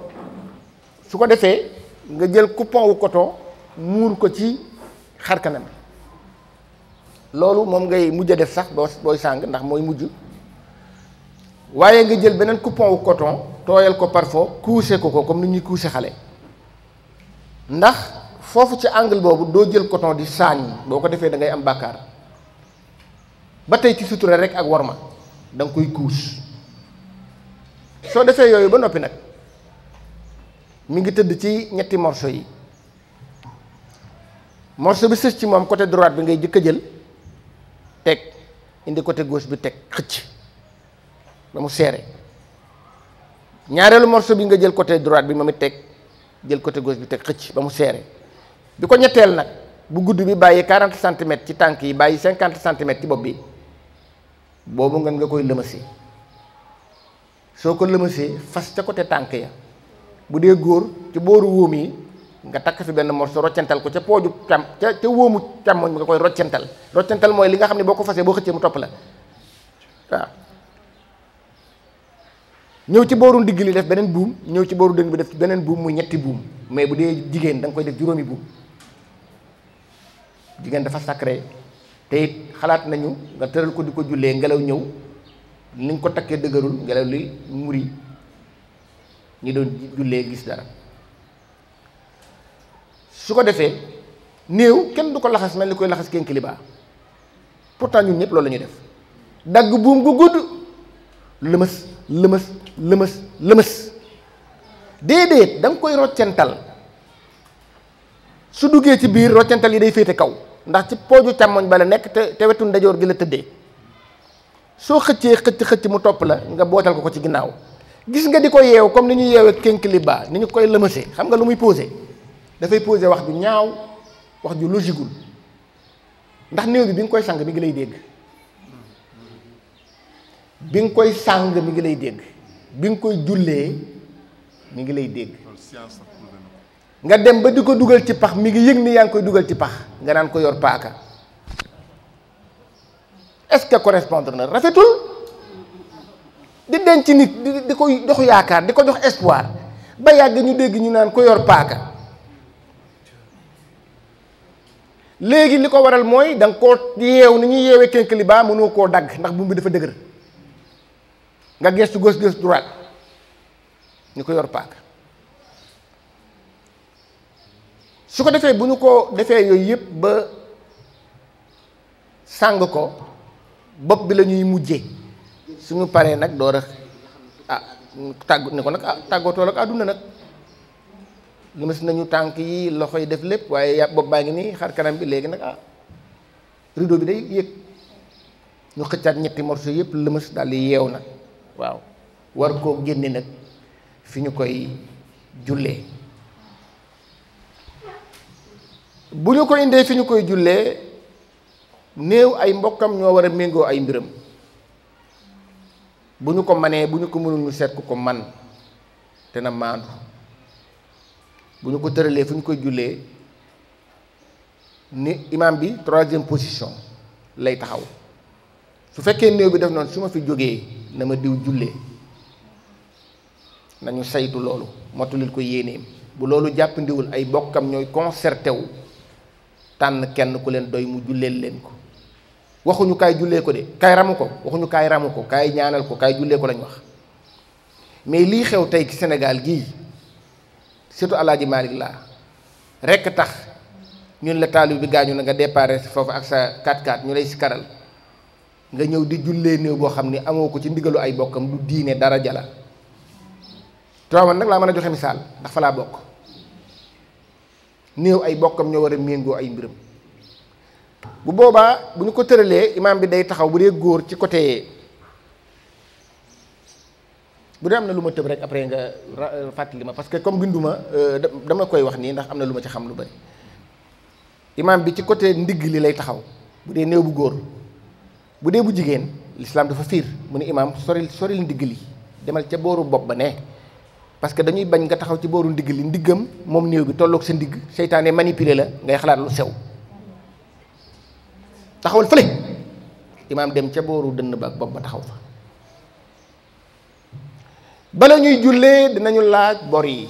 su ko defee nga jël coupon wu coton muur ko ci xarkanam bi loolu moom ngay mujj a def sax boo booy sàng ndax mooy mujj waaye nga jël beneen coupon wu coton tooyal ko parfum couché ko ko comme ni ñuy couché xale ndax foofu ci angle boobu doo jël coton di saañ boo ko defee dangay am bàkkaar ba tey ci sutura rek ak war ma nga koy kuus soo defee yooyu ba noppi nag mi ngi tëdd ci ñetti morceau yi morceau bi sës ci moom côté droite bi ngay jëkk a jël teg indi côté gos bi teg xëcc ba mu seere ñaareelu morceau bi nga jël côté droite bi moom it teg jël côté gos bi teg xëcc ba mu seere bi ko ñetteel nag bu gudd bi bàyyi quarante centimètres ci tànk yi bàyyi cinquante centimètres ci bopp bi boobu ngeen nga koy lëmasi soo ko lëmasee fas ca côté tànk ya bu dee góor ci booru wóom yi nga takk fi benn morceau roccantal ko ca pooju cam ca ca wóomu càmmoñ bi nga koy roccantal roccantal mooy li nga xam ne boo ko fasee boo xëccee mu topp la ñëw ci booru digg li def beneen buum ñëw ci booru dënn bi def beneen buum muy ñetti buum mais bu dee jigéen da nga koy def juróomi buum jigéen dafa sacré te it xalaat nañu nga tëral ko di ko jullee ngelaw ñëw niñ ko takkee dëgërul ngelaw li muri ñi doon jullee gis dara su ko defee néew kenn du ko laxas mel ni koy laxas kenn kilibaa pourtant ñun ñëpp loolu la ñuy def dagg buum gu gudd lëmës lëmës lëmës lëmës déedéet danga koy roccental su duggee ci biir roccental yi day féete kaw ndax ci pooju càmmoñ ba la nekk te te wetu ndajoor gi la tëddee soo xëccee xëcc xëcc mu topp la nga bootal ko ko ci ginnaaw gis nga di ko yeew comme ni ñu yeewee kénkiliba ni ñu koy lëmësee xam nga lu muy posé dafay posé wax ju ñaaw wax ju logique ndax néew bi bi nga koy sang mi ngi lay dégg bi nga koy sàng mi ngi lay dégg bi nga koy jullee mi ngi lay dégg nga dem ba di ko dugal ci pax mi ngi yëg ni yaa ngi koy dugal ci pax nga naan ko yor paaka est-ce que correspondre na rafetul di denc nit di di yaakaar di ko jox espoir ba yàgg ñu dégg ñu naan ko yor paaka léegi li ko waral mooy danga ko koo yeew ni ñuy yeewee kénkili baa mënoo koo dagg ndax bu mu bi dafa dëgër nga gestu gos gauche droite ñu ko yor paak su ko defee bu ñu ko defee yooyu yëpp ba sàng ko bopp bi la ñuy mujjee suñu paree nag door a ah tàggu ne ko nag ah tàggootoo ak àdduna nag lëmas nañu tànk yi loxo yi def lépp waaye ya bopp baa ngi nii xar kanam bi léegi nag ah rideau bi day yëg ñu xëccaat ñetti morceau yëpp lëmas daal di yeew na waaw war koo génne nag fi ñu koy jullee bu ñu ko indee fi ñu koy jullee néew ay mbokkam ñoo war a méngoo ay mbiram bu ñu ko manee bu ñu ko mënul ñu seet ku ko man te na maandu bu ñu ko tëralee fu ñu koy jullee ni imam bi troisième position lay taxaw su fekkee néew bi def noonu su ma fi jógee na ma diw jullee nañu saytu loolu motulil ko yéeneem bu loolu jàppandiwul ay bokkam ñooy concerté wu tànn kenn ku leen doy mu julleel leen ko waxuñu kaay jullee ko de kaay ramu ko waxuñu kaay ramu ko kaay ñaanal ko kaay jullee ko lañ wax mais lii xew tey ci Sénégal gii surtout Alaaji Malick laa rekk tax ñun la taalib bi gaañu na nga déparé foofu ak sa 4 x ñu lay si karal nga ñëw di jullee néew boo xam ni amoo ko ci ndigalu ay bokkam du diine dara jala Tiwaawan nag laa mën a joxe misaal ndax fa laa bokk néew ay bokkam ñoo war a méngoo ay mbiram bu boobaa bu ñu ko tëralee imaam bi day taxaw bu dee góor ci côté bu dee am na lu ma tëb rek après nga fàttali ma parce que comme binduma euh, dama koy wax nii ndax am na lu ma ci xam lu bari imaam bi ci côté ndigg li lay taxaw bu dee néew bu góor bu dee bu jigéen l'islam dafa fiir mu ne imaam soril soril ndigg li demal ca booru bopp ba ne parce que dañuy bañ nga taxaw ci booru ndigg li ndiggam moom néew bi tolloog sa ndigg seytaane manipile la ngay xalaat lu sew taxawal fële imaam dem ca booru dënn ba ak bopp ba taxaw fa bala ñuy jullee dinañu laaj bor yi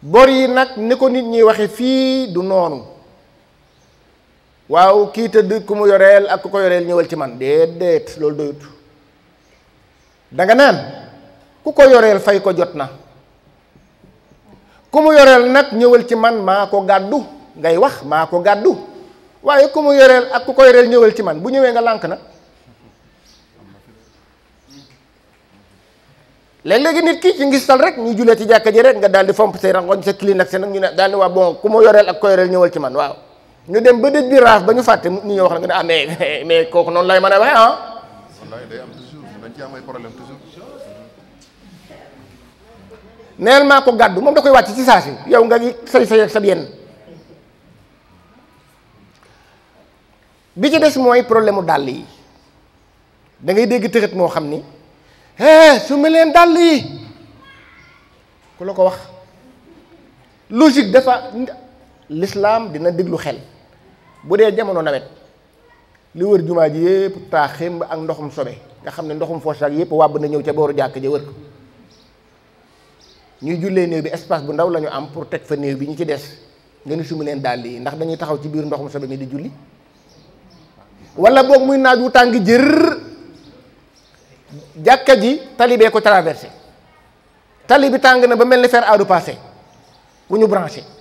bor yi nag ni ko nit ñuy waxe fii du noonu waaw kii tëdd ku mu yoreel ak ku ko yoreel ñëwal ci man déedéet loolu doyut danga naan ku ko yoreel fay ko jot na ku mu yoreel nag ñëwal ci man maa ko gàddu ngay wax maa ko gàddu waaye ku mu yoreel ak ku ko yoreel ñëwal ci man bu ñëwee nga lànk na léeg-léegi nit ki ci ngistal rek ñu julee ci jàkka ji rek nga daal di fomp say rangoñ sa kilin ak sa nag ñu ne daal di waa bon ku mu yoreel ak ko yoreel ñëwal ci man waaw ñu dem ba dëj bi raaf ba ñu fàtte ni ñoo wax nga ne ah mais [LAUGHS] kooku noonu lay man a waxee ah. maa ko gàddu moom da koy wàcc ci saa si yow nga ngi sa say sa yenn bi ci des mooy problème mu dàll yi da ngay dégg tëxët moo xam ni eh su ma leen dàll yi ku la ko wax logique dafa l'islam dina déglu xel. bu dee jamono nawet li wër jumaa ji yëpp taa xémb ak ndoxum sobe nga xam ne ndoxum foos ak yëpp wàbb na ñëw ca booru jàkk ja wër ko ñuy jullee néew bi espace bu ndaw la ñu am pour teg fa néew bi ñu ci des nga ni sumu leen dàll yi ndax dañuy taxaw ci biir ndoxum sobe mi di julli walla boog muy naaj wu tàng jër jàkka ji talibee ko traversé tali bi tàng na ba mel ni fer à repasser bu ñu branché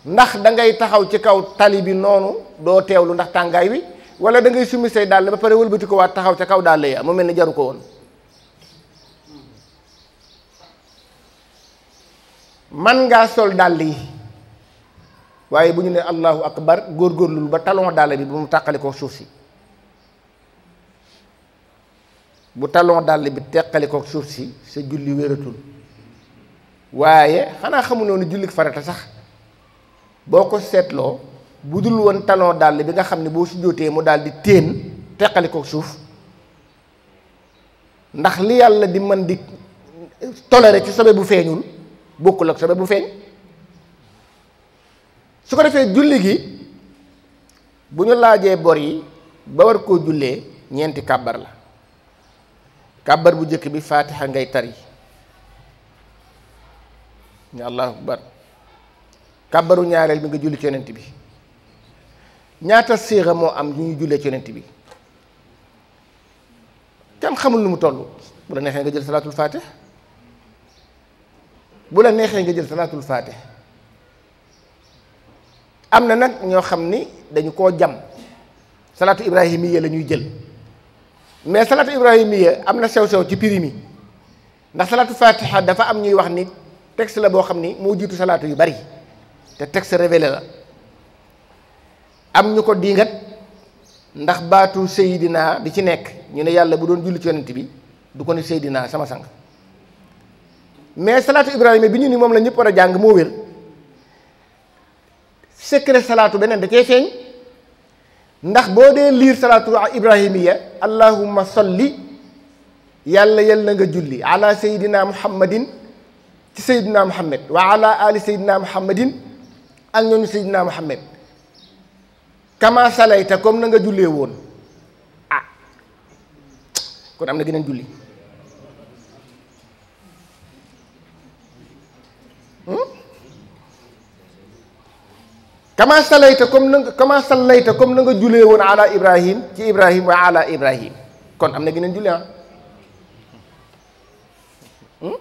ndax dangay taxaw ci kaw tali bi noonu doo teewlu ndax tàngaay wi wala da ngay summi say dàll ba pare wëlbati ko waa taxaw ca kaw dàll yi mu mel ni jaru ko woon man ngaa sol dàll yi waaye bu ñu ne allahu akbar góorgóorlul ba talon dàll bi bu mu tàqali ko suuf si bu talon dàll bi teqali ko suuf si sa julli wératul waaye xanaa xamu noonu jullik farata sax boo ko seetloo bu dul woon talon dàll bi nga xam ne boo su jotee mu daal di téen teqali ko suuf ndax li yàlla di mën di toléré ci sobe bu feeñul bokkul ak sobe bu feeñ su ko defee julli gi bu ñu laajee bor yi ba war koo jullee ñeenti kàbbar la kàbbar bu jëkk bi faatiha ngay tari nga allahu akbar kàbbaru ñaareel bi nga julli ci yonent bi ñaata séexa moo am ñu jullee ci yonent bi kenn xamul lu mu toll bu la neexee nga jël salaatul faatih bu la neexee nga jël salaatul faatih am na nag ñoo xam ni dañu koo jam salaatu ibrahimiya la ñuy jël mais salaatu ibrahimiya am na sew-sew ci prix mi ndax salaatu fatiha dafa am ñuy wax ni texte la boo xam ni moo jiitu salaatu yu bari te texte révélé la am ñu ko diingat ndax baatu Seydina bi ci nekk ñu ne yàlla bu doon julli ci yonent bi du ko ni seydinaa sama sang mais salaatu ibrahima bi ñu ni moom la ñëpp war a jàng moo wér secret salaatu beneen da cee feeñ ndax boo dee liir salaatu ibrahimiya allahumma salli yàlla yàlla nga julli ala seydina muhammadin ci seydina muhammad wa ala ali seydina muhammadin ak ñooñu Seydina Muhammad kama salayta comme nanga nga woon ah kon am na geneen julli hmm? kama salayta comme na nga comme na nga jullee woon ala ibrahim ci ibrahim wa ala ibrahim kon am na geneen julli ah hmm?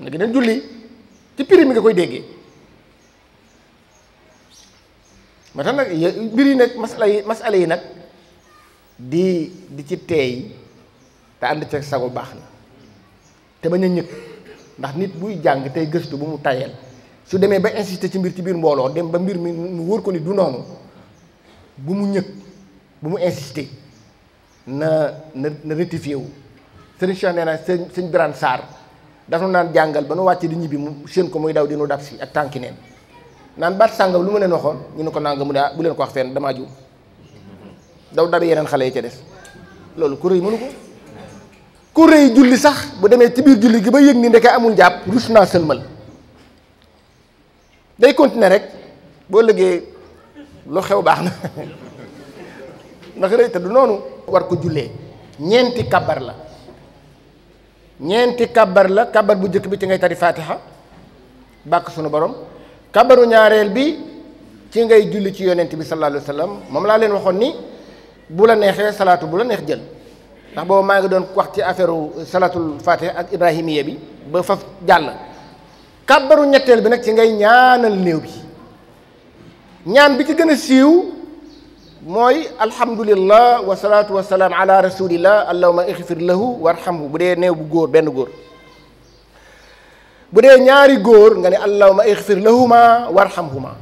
am na geneen julli ci prime mi nga koy déggee ma tax nag mbir yi nag masala yi masala yi nag di di ci teey te ànd ca sago baax na te bañ a ñëkk ndax nit buy jàng tey gëstu bu mu tayeel su demee ba insister ci mbir ci biir mbooloo dem ba mbir mi nu wóor ko ni du noonu bu mu ñëkk bu mu insister na na na rectifié wu sëriñ Cheikh nee na sëñ sëñ Birane Sarr dafa naan jàngal ba nu wàccee di ñibbi mu séen ko muy daw dinu nu dab si ak tànki neen naan baat sàngam lu ma leen waxoon ñu ne ko nanga mu daa ah, bu leen ko wax fenn damaa ju daw dara yeneen xale yi ca des loolu ku rëy mënu ko ku rëy julli sax bu demee ci biir julli gi ba yëg ni ndeke amul jàpp rus naa sëlmal day continuer rek boo lëggee lu xew baax na ndax rëy te du noonu war ko jullee ñeenti kabar la ñeenti kabar la kabar bu njëkk bi ci ngay tari faatiha bàkk sunu borom kabaru ñaareel bi ci ngay julli ci yonent bi sallallahu alayhi wa moom laa leen waxoon ni bu la neexee salaatu bu la neex jël ndax boobu maa ngi doon wax ci affaire salaatul fatiha ak ibrahimiya bi ba faf jàll kabaru ñetteel bi nag ci ngay ñaanal néew bi ñaan bi ci gën a siiw mooy alhamdulillah wa salaatu wa salaam ala rasulillah allahuma ixfir lahu warhamhu bu dee néew bu góor benn góor bu dee ñaari góor nga ne allahuma ixfir lahuma warhamhuma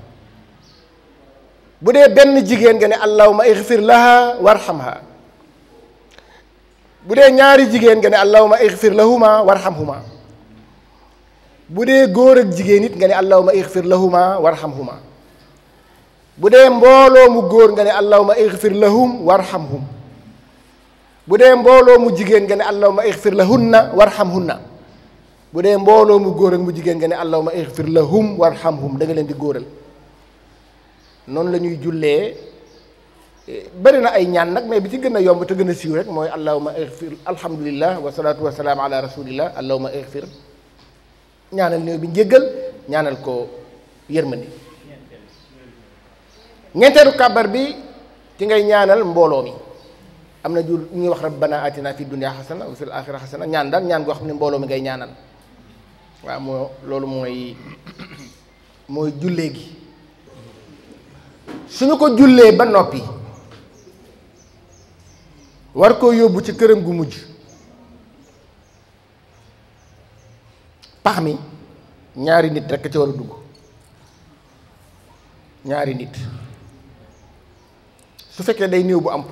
bu dee benn jigéen nga ne allahuma ixfir laha warhamha bu dee ñaari jigéen nga ne allahuma ixfir lahuma warhamhuma bu dee góor ak jigéen it nga ne allahuma ixfir lahuma warhamhuma bu dee mbooloo mu góor nga ne allahuma ixfir lahum warhamhum bu dee mbooloo mu jigéen nga ne allahuma ixfir lahunna warhamhunna bu dee mbooloo mu góor ak mu jigéen nga ne allahuma ixfir lahum warhamhum da nga leen di góoral noonu la ñuy jullee bëri na ay ñaan nag mais bi ci gën a yomb te gën a siiw rek mooy allahuma ixfir alhamdulillah wa salaatu wa salaam ala rasulillah allahuma ixfir ñaanal néew bi njéggal ñaanal ko yërmandi ñeenteelu kàbbar bi ci ngay ñaanal mbooloo mi am na jur ñuy wax rabbana atina fi dunya xasana wa fil axira xasana ñaan daal ñaan goo xam ne mbooloo mi ngay ñaanal waaw moo loolu mooy mooy jullee gi suñu ko jullee ba noppi war koo yóbbu ci këram gu mujj pax mi ñaari nit rekk ci war a dugg ñaari nit su fekkee day néew bu am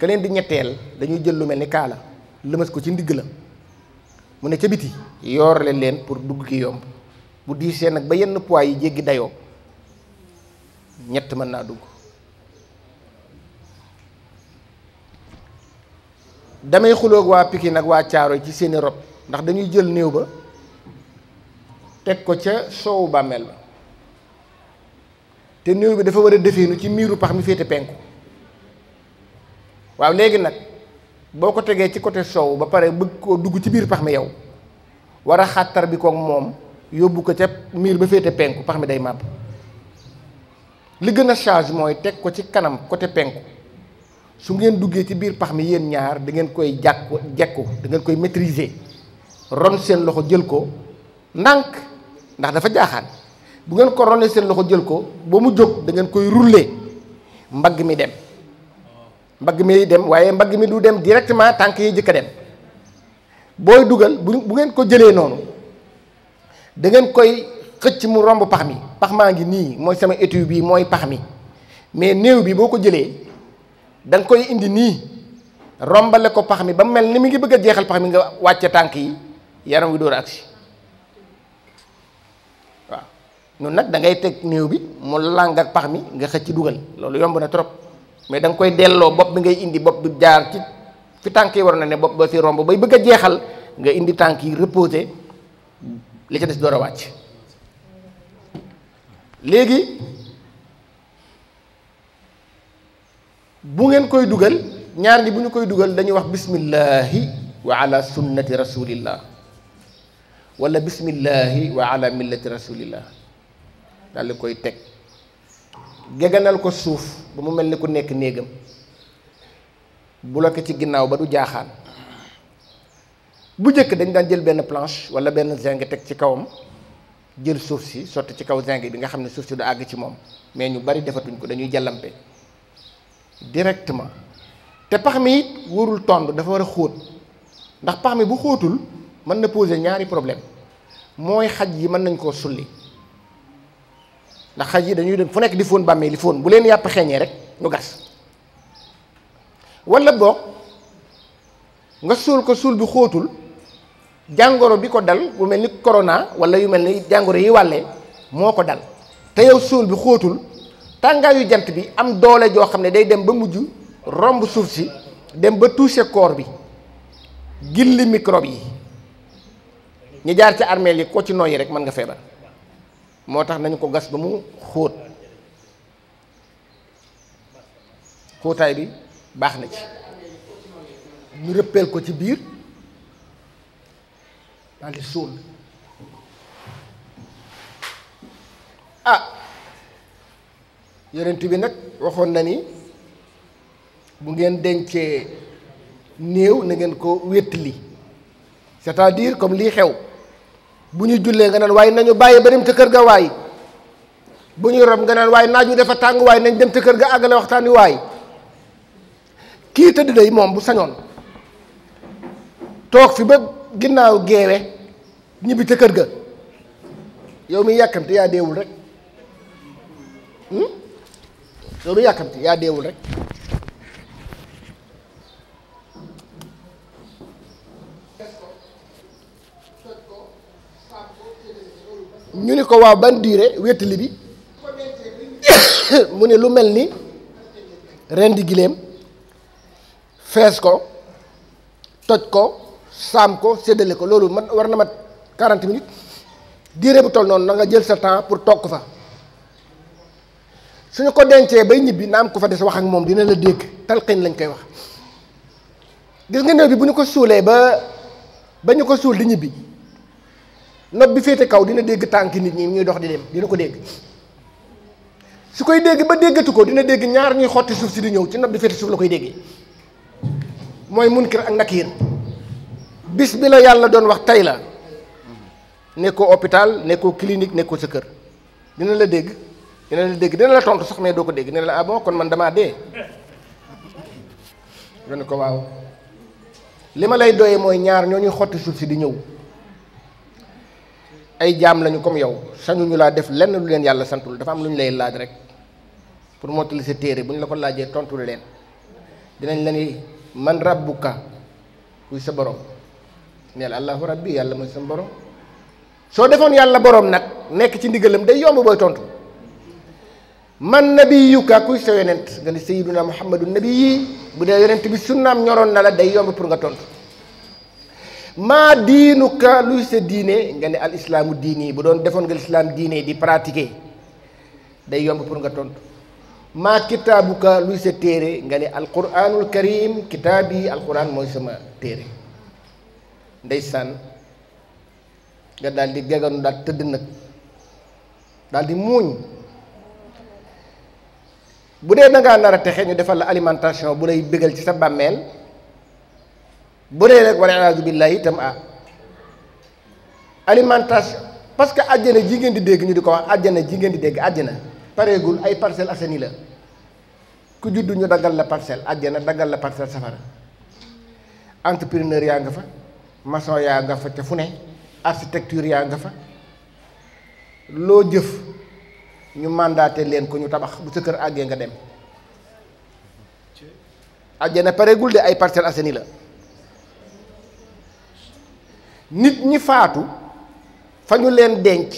keneen di ñetteel dañuy jël lu mel ni kaala lëmas ko ci ndigg la mu ne ca biti yoorle leen pour dugg ki yomb bu diisee nag ba yenn poids yi jéggi dayoo ñett mën naa dugg damay xuloog waa Pikine ak waa Caaroy ci seeni rob ndax dañuy jël néew ba teg ko ca soowu bàmmeel ba te néew bi dafa war a defeenu ci miiru pax mi féete penku waaw léegi nag boo ko tegee ci côté soow ba pare bëgg koo dugg ci biir pax mi yow war a xàttar bi koog moom yóbbu ko ca miir ba féete penku pax mi day màbb li gën a charge mooy teg ko ci kanam côté penku su ngeen duggee ci biir pax mi yéen ñaar da ngeen koy jàkk jekku da ngeen koy maîtriser ron seen loxo jël ko ndànk ndax dafa jaaxaan bu ngeen ko ronee seen loxo jël ko ba mu jóg da ngeen koy rouler mbagg mi dem mbagg mi dem waaye mbagg mi du dem directement tànk yi jëkk a dem booy dugal bu bu ngeen ko jëlee noonu da ngeen koy xëcc mu romb pax mi pax maa ngi nii mooy sama étui bii mooy pax mi mais néew bi boo ko jëlee danga nga koy indi nii rombale ko pax mi ba mu mel ni mu ngi bëgg a jeexal pax mi nga wàcce tànk yi yaram wi door agsi waaw noonu nag da ngay teg néew bi mu làng pax mi nga xëcc dugal loolu yomb na trop mais danga koy delloo bopp bi ngay indi bopp bi jaar ci fi tànk yi waroon na ne bopp ba fi romb bay bëgg a jeexal nga indi tànk yi reposé li ca des door a wàcc léegi bu ngeen koy dugal ñaar ñi bu ñu koy dugal dañuy wax bismillahi wa ala sunnati rasulillah wala bismillahi wa ala millati rasulillah daal di koy teg geganal ko suuf ba mu mel ni ku nekk néegam bu bloqué ci ginnaaw ba du jaaxaan bu njëkk dañ daan jël benn planche wala benn zinc teg ci kawam jël suuf si sotti ci kaw zinc bi nga xam ne suuf si du àgg ci moom mais ñu bari defatuñ ko dañuy jàllampe directement te pax mi it warul tond dafa war a xóot ndax pax mi bu xóotul mën na poser ñaari problème mooy xaj yi mën nañ koo sulli ndax xaj yi dañuy dem fu nekk di fóon bàmmee li fóon bu leen yàpp xeeñee rek ñu gas walla boog nga suul ko suul bi xóotul jàngoro bi ko dal bu mel ni corona wala yu mel ni jàngoro yi wàllee moo ko dal te yow suul bi xóotul tàngaayu jant bi am doole joo xam ne day dem ba mujj romb suuf si dem ba toucher corps bi gilli microbe yi ñu jaar ci armeel yi ko ci nooyi rek mën nga feebar moo tax nañu ko gas ba mu xóot xóotaay bi baax na ci ñu rëppeel ko ci biir daal di suul ah yonent bi nag waxoon na ni bu ngeen dencee néew na ngeen ko wétali c'est-à-dire comme lii xew bu ñu jullee nga naan waaye nañu bàyyi ba dem te kër ga waay bu ñuy rob nga naan waaye naaj wi dafa tàng waaye nañ dem te kër ga àggale waxtaan wi waay kii tëdd day moom bu sañoon toog fi ba ginnaaw geewe ñibbi te kër ga yow mi yàkkamte yaa deewul rek hmm? yow mi yàkkamte yaa deewul rek ñu ni ko waaw ban durée wéttali bi [COUGHS] mu ne lu mel ni rend giléem fees ko toj ko saam ko séddale ko loolu man war na mat 40 minutes durée bu toll noonu na nga jël sa temps pour toog fa suñu ko dencee bay ñibbi na am ko fa des wax ak moom dina la dégg talqin lañ koy wax gis nga néew bi bu ñu ko suulee ba ba ñu ko suul di ñibbi nopp bi féete kaw dina dégg tànk nit ñi ñuy dox di dem dina ko dégg su koy dégg ba déggatu ko dina dégg ñaar ñuy xotti suuf si di ñëw ci nopp bi féete suuf la koy déggee mooy mun munkar ak nakiir bis bi la yàlla doon wax tey la nekkoo hôpital nekkoo clinique nekkoo sa kër dina la dégg dina la dégg dina la tontu sax mais doo ko dégg dina la ah kon man damaa dee. nga ne ko waaw li ma lay doyee mooy ñaar ñoo ñuy xotti suuf si di ñëw. ay jaam lañu comme yow ñu laa def lenn lu leen yàlla santul dafa am lu ñu lay laaj rek pour mottali sa téere bu ñu la ko laajee tontu leen dinañ la ni man rabbuka kuy sa borom neel allahu rabbi yàlla mooy sa borom soo defoon yàlla borom nag nekk ci ndigalam day yomb booy tontu man nabiyuka kuy sa yonent nga ni na muhammadu nabi yi bu dee yonent bi sunnaam ñoroon na la day yomb pour nga tontu. maa diinuka luy sa diine nga ne al islaamu diini bu doon defoon nga lislaam diine di pratiquer day yomb pour nga tontu maa kitaabuka luy sa téere nga ne al quraanul karim kitaab yi al quraan mooy sama téere ndeysaan nga daal di geganu daal tëdd nag daal di muuñ bu dee da ngaa nar a texe ñu defal la alimentation bu lay bégal ci sa bàmmeel bu dee rek wala iyaadu billahi itam ah alimentation parce que àjjana ji ngeen di dégg ñu di ko wax àjjana ji ngeen di dégg àjjana pareegul ay Parcelles Assainies la ku juddu ñu daggal la parcelle àjjana daggal la parcelle safara entrepreneur yaa nga fa maçon yaa nga fa ca fu ne architecture yaa nga fa loo jëf ñu mandaté leen ko ñu tabax bu sa kër àggee nga dem àjjana pareegul de ay Parcelles Assainies la nit ñi faatu fa ñu leen denc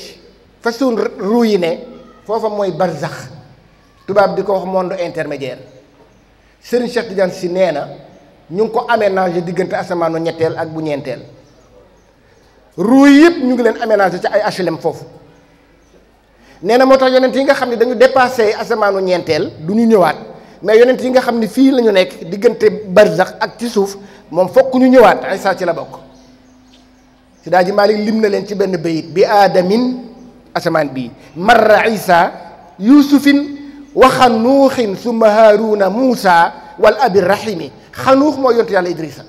fa suñ ruu yi ne foofa mooy barzax tubaab di ko wax monde intermédiaire Serigne Cheikh Tidiane si nee na ñu ngi ko aménagé diggante asamaanu ñetteel ak bu ñeenteel ruu yëpp ñu ngi leen aménagé ci ay HLM foofu nee na moo tax yonent yi nga xam ne dañu dépassé asamaanu ñeenteel du ñu ñëwaat mais yonent yi nga xam ni fii la ñu nekk diggante barzax ak ci suuf moom fokk ñu ñëwaat ay saa ci la bokk. si daa ji lim na leen ci benn bayit bi aadamin asamaan bii marra isa yusufin wa xanuuxin summa haaruna muusa wal abi rahimi xanuux mooy yontu yàlla idrissa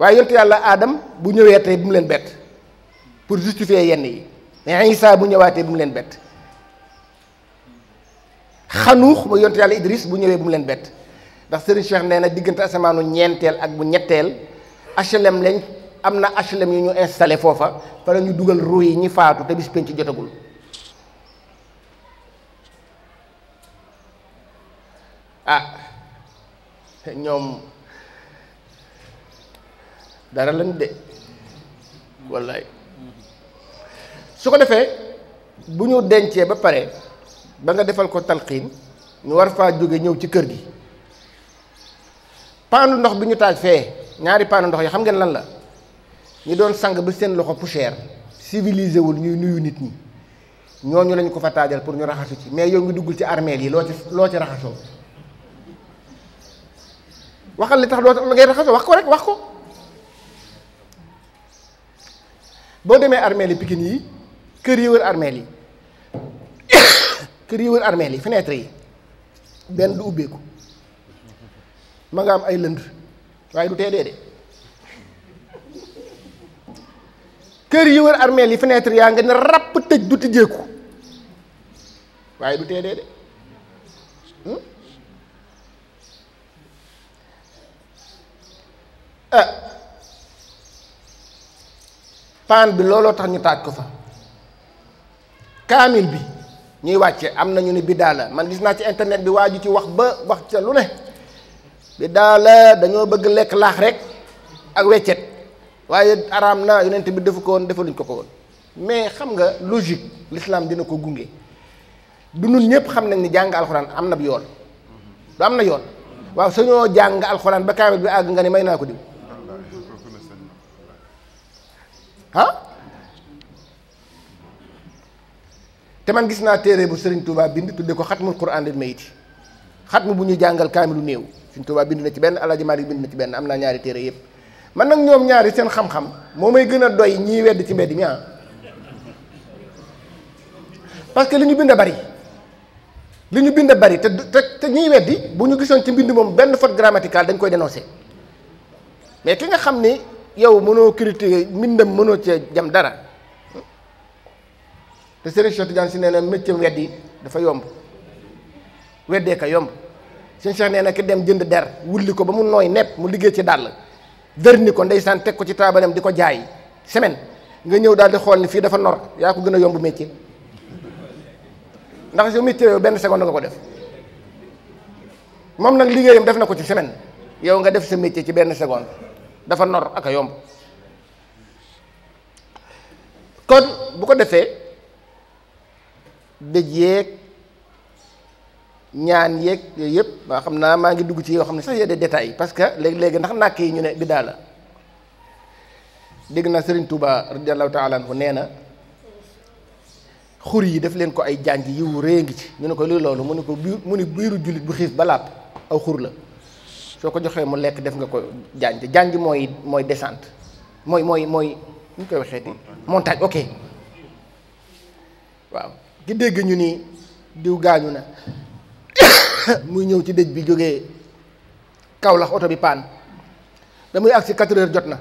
waaye yontu yàlla aadam bu ñëwee tey bu mu leen bett pour justifier yenn yi mais bu ñëwaatee bu mu leen bett xanuux mooy yontu yàlla idris bu ñëwee bu mu leen bett ndax Serigne Cheikh nee na diggante asamaanu ñeenteel ak bu ñetteel HLM lañ am na HLM yu ñu installé foofa fa la ñu dugal ruu yi ñi faatu te bis penc jotagul ah ñoom dara lañ de wallaay su ko defee bu ñu dencee ba pare ba nga defal ko talxiin ñu war faa jóge ñëw ci kër gi paanu ndox bi ñu taaj fee ñaari paanu ndox yi xam ngeen lan la ñi doon sang ba seen loxo poussière civilisé wul ñuy nuyu nit ñi ñooñu lañ ko fa taajal pour ñu raxasu ci mais yow ngi duggul ci armeel yi loo ci loo ci raxasoo waxal li tax loo ngay raxasoo wax ko rek wax ko boo demee armeel yi Pikine yi kër yi wër armeel yi [COUGHS] kër yi wër armeel yi fenêtre yi benn du ubbeeku ma nga am ay lënd waaye du tee dee de kër yi wër armeel yi fenêtre yaa nga ne ràpp tëj du tijjeeku waaye du tee dee de hmm? ah. paan bi looloo tax ñu taaj ko fa kaamil bi ñuy wàcce am na ñu ne biddaa la man gis naa ci internet bi waa ju ci wax ba wax ca lu ne biddaa la dañoo bëgg lekk laax rek ak weccet waaye araam na yonent bi defu ko woon defaluñ ko ko woon mais xam nga logique lislaam dina ko gunge du nun ñëpp xam nañ ni jàng alxuraan am na yoon du am na yoon waaw sañoo jàng alxuraan ba kaamil bi àgg nga ne may naa ko diw ah te man gis naa téere bu Serigne Touba bind tudde ko xatmul quraan il mayiti xatmu bu ñuy jàngal kaamilu néew Serigne Touba bind na ci benn Alaaji Maalik bind na ci benn am naa ñaari téere yëpp man nag ñoom ñaari seen xam-xam moo may gën a doy ñiy wedd ci mbedd mi ah parce que li ñu bind bari li ñu bind bari te te te ñiy weddi bu ñu gisoon ci mbind moom benn faute grammaticale dañ koy dénoncer mais ki nga xam ni yow mënoo critiquer mbindam mënoo cee jam dara hmm? te Serigne Cheikh Tidiane si nee na méccam yi dafa yomb weddee ka yomb Serigne Cheikh nee ki dem jënd der wulli ko ba mu nooy nepp mu liggéey ci dàll dërni ko ndeysaan teg ko ci taabalam di ko jaay semaine nga ñëw daal di xool ni fii dafa nor yaa ko gën a yomb métier ndax yow métier yow benn seconde nga ko def moom nag liggéeyam def na ko ci semaine yow nga def sa métier ci benn seconde dafa nor ak yomb kon bu ko defee dëj yeeg ñaan yeeg yooyu yëpp waa xam naa maa ngi dugg ci yoo xam ne sax yee de détails parce que léegi-léegi ndax nàkk yi ñu ne biddaa la dégg naa Serigne Touba radiallahu taala anhu nee na xur yi daf leen ko ay jànj yiw rée ngi ci ñu ne ko lii loolu mu ne ko biir mu ne biiru jullit bu xiif ba laab aw xur la soo ko joxee mu lekk def nga ko jànj jànj mooy mooy descente mooy mooy mooy ñu koy waxee ti montage ok waaw ki dégg ñu ni diw gaañu na [COUGHS] muy ñëw ci dëj bi jógee Kaolack oto bi paan damuy muy agsi quatre heures jot na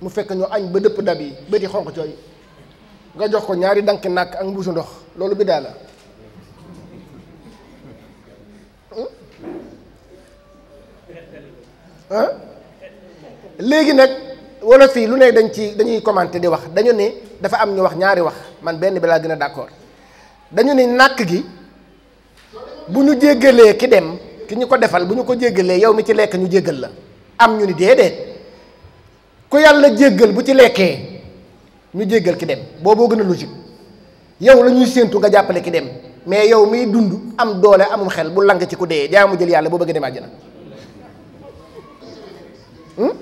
mu fekk ñu añ ba dëpp dab yi bëti xonq cooy nga jox ko ñaari danki nàkk ak mbuusu ndox loolu bi daal la hmm? léegi nag wala fii lu ne dañ ci dañuy commenté di wax dañu ne dafa am ñu wax ñaari wax man benn bi laa gën a d'accord dañu ne nàkk gi bu ñu jéggalee ki dem ki ñu ko defal bu ñu ko jéggalee yow mi ci lekk ñu jéggal la am ñu ni déedéet ku yàlla jéggal bu ci lekkee ñu jéggal ki dem booboo gën a logique yow la ñuy séentu nga jàppale ki dem mais yow miy dund am doole amum xel bu lang ci ku dee jaamu jël yàlla boo bëgg dem àjjana hmm?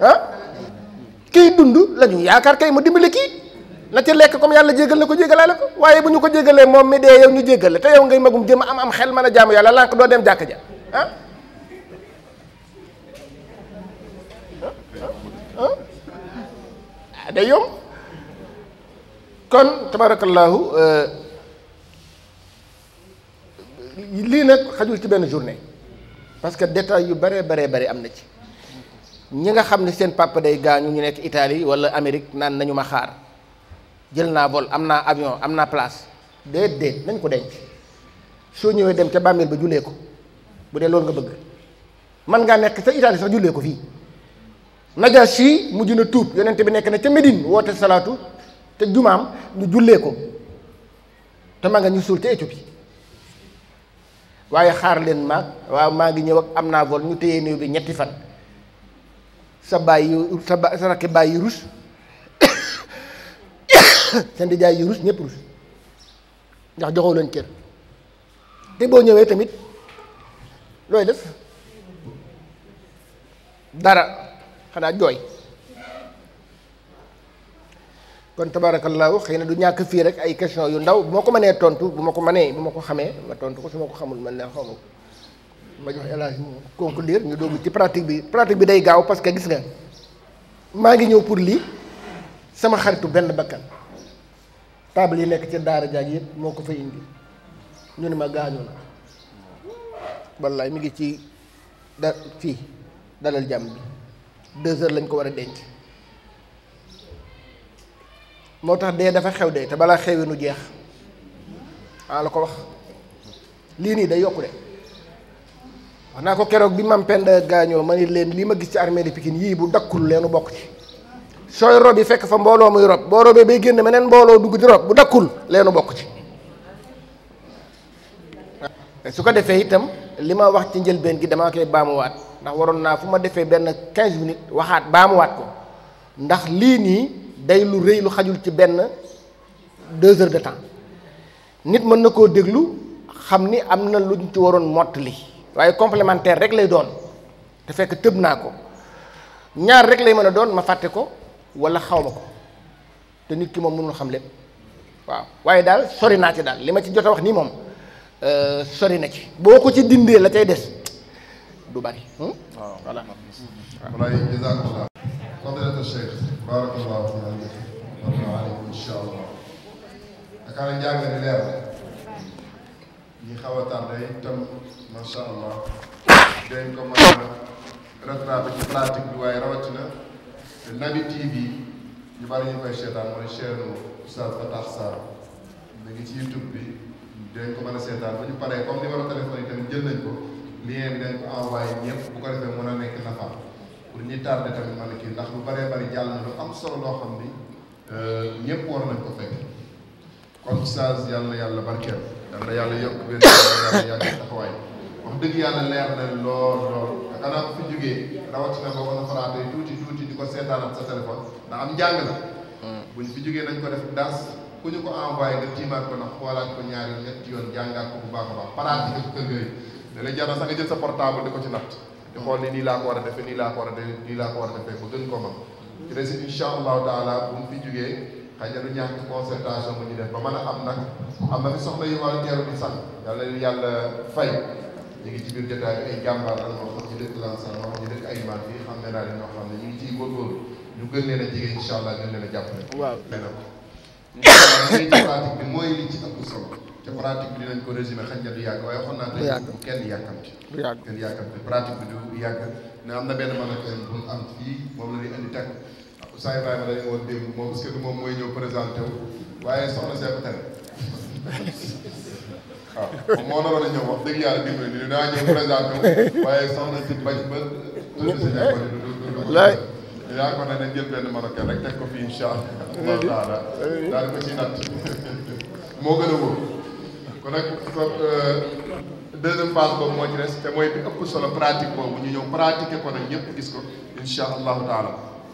ah kiy dund la yaakaar kay mu dimbale kii na ci lekk comme yàlla jégal na ko jégalaale ko waaye bu ñu ko jégalee moom mi dee yow ñu jégale te yow ngay magum jëm am am xel mën a jaamu yàlla lànk doo dem jàkk ja ah ah, ah? ah kon tabarakallahu euh, lii nekk xajul ci benn journée parce que détail yu bare bare bare am na ci ñi nga xam ne seen papa day gaañu ñu nekk Italie wala Amérique naan nañu ma xaar jël naa vol am naa avion am naa place déedéet nañ ko denc soo ñëwee dem ca bàmmeel ba jullee ko bu dee loolu nga bëgg man ngaa nekk sa Italie sax jullee ko fii Najaasi mujj na tuub yonent bi nekk na ca Médine woote salaatu te jumaam ñu jullee ko te ma nga ñu suul ca Éthiopie waaye xaar leen maag waa maa ngi ñëw ak am naa vol ñu téye néew bi ñetti fan sa baay yu sa ba sa rakki baay rus [COUGHS] seen di jaay yi rus ñëpp rus ndax joxoo leen cër te boo ñëwee tamit looy def dara xanaa jooy kon tabaarakallaahu xëy na du ñàkk fii rek ay question yu ndaw bu ma ko mënee tontu bu ma ko mënee bu ma ko xamee ma tontu ko su ma ko xamul man ne xaw ma ma jox El Hadj mu conclure ñu doogu ci pratique bi pratique bi day gaaw parce que gis nga maa ngi ñëw pour lii sama xaritu benn bakkan table yi nekk ci daara jaaj yëpp moo ko fa indi ñu ne ma gaañu na wallaay mi ngi ci da fii dalal jàmm bi deux heures lañ ko war a denc moo tax dee dafa xew dee te balaa xewee nu jeex waa la ko wax lii nii day yokku de wax naa ko keroog bi Mame Penda gaañoo ma ni leen li ma gis ci armée de Pikine yii bu dakkul leenu bokk ci sooy rob yi fekk fa mbooloo muy rob boo robee bay génn meneen mbooloo dugg di rob bu dakkul leenu bokk ci su ko defee itam li ma wax ci njëlbeen gi damaa koy baamuwaat ndax waroon naa fu ma defee benn 15 minutes waxaat baamuwaat ko ndax lii nii day lu rëy lu xajul ci benn deux heures de temps nit mën na koo déglu xam ni am na luñ ci waroon li waaye complémentaire rek lay doon te fekk tëb naa ko ñaar rek lay mën a doon ma fàtte ko wala xaw ma ko te nit ki moom mënul xam lépp waaw waaye daal sori naa ci daal li ma ci jot a wax nii moom euh, sori na ci boo ko ci dindee la cay des du bari. Hmm? Ah, xaw a waaye rawatina. Naby TV ñu bari ñu koy seetaan mooy chaîne Oustaz Fatah Sarr mi ngi ci YouTube bi dañ ko mën a seetaan bu ñu paree comme numéro téléphone yi tamit jël nañ ko lien bi dañ ko envoyé ñëpp bu ko defee mën a nekk nafa pour ñi tardé tamit mën a kii ndax lu baree bari jàll na lu am solo loo xam ni euh, ñëpp war nañ ko fekk kon Oustaz yàlla yàlla barkeel yàlla yàlla yokk benn yàlla yàgg taxawaay wax dëgg yàlla leer na lool lool xanaa bu fi jógee rawatina nga mën a faraatee tuuti tuuti. ko seetaanaat sa téléphone ndax am njàng la hmm. buñ fi jógee nañ ko def daas ku ñu ko envoyé nga tiimaat ko nag xoolaat ko ñaari ñetti yoon jàngaat ko bu baax a baax pratique ko kër yooyu da lay jaral sax sa portable di ko ci natt di ni nii laa ko war a defee nii laa ko war a ko war a defee ba gën ko mën ci des incha allahu taala bu mu fi ñu def ba mën a am nag am na fi soxna yu a teeru di sax yàlla leen yàlla fay ñu ngi ci biir ay jàmbaar ak moo xam ñu dëkk Lansar moo xam ñu dëkk ay maat fii xam ne naa leen ñoo xam góorgóorlu ñu gën leen a jege incha allah gën leen a jàppale. waaw dina ko. ci pratique bi mooy li ci ëpp solo te pratique bi dinañ ko résumé xëy na du yàgg waaye waxoon naa tey bu kenn du yàgg kenn yàkkamti du yàgg waaw moo a ñëw wax dëgg yàlla dimbali si bañ yaakaar naa ne jël benn marocain rek teg ko fii allah taala daal ko ci natt moo gën a wóor kon nag euh, deuxième moo ci des te mooy bi ëpp solo pratique boobu ñu ñëw pratiquer ko nag ñëpp gis ko incha allahu taala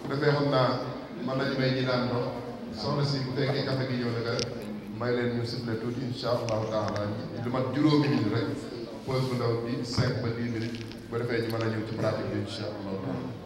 bu defee xam naa man lañu may ñi daan ndox soxna si bu fekkee café gi ñëw na nga may leen ñu siffle tuuti incha allahu taala lu mat juróomi minute rek pause bu ndaw bi cinq ba dix minutes bu defee ñu mën a ñëw ci pratique bi incha taala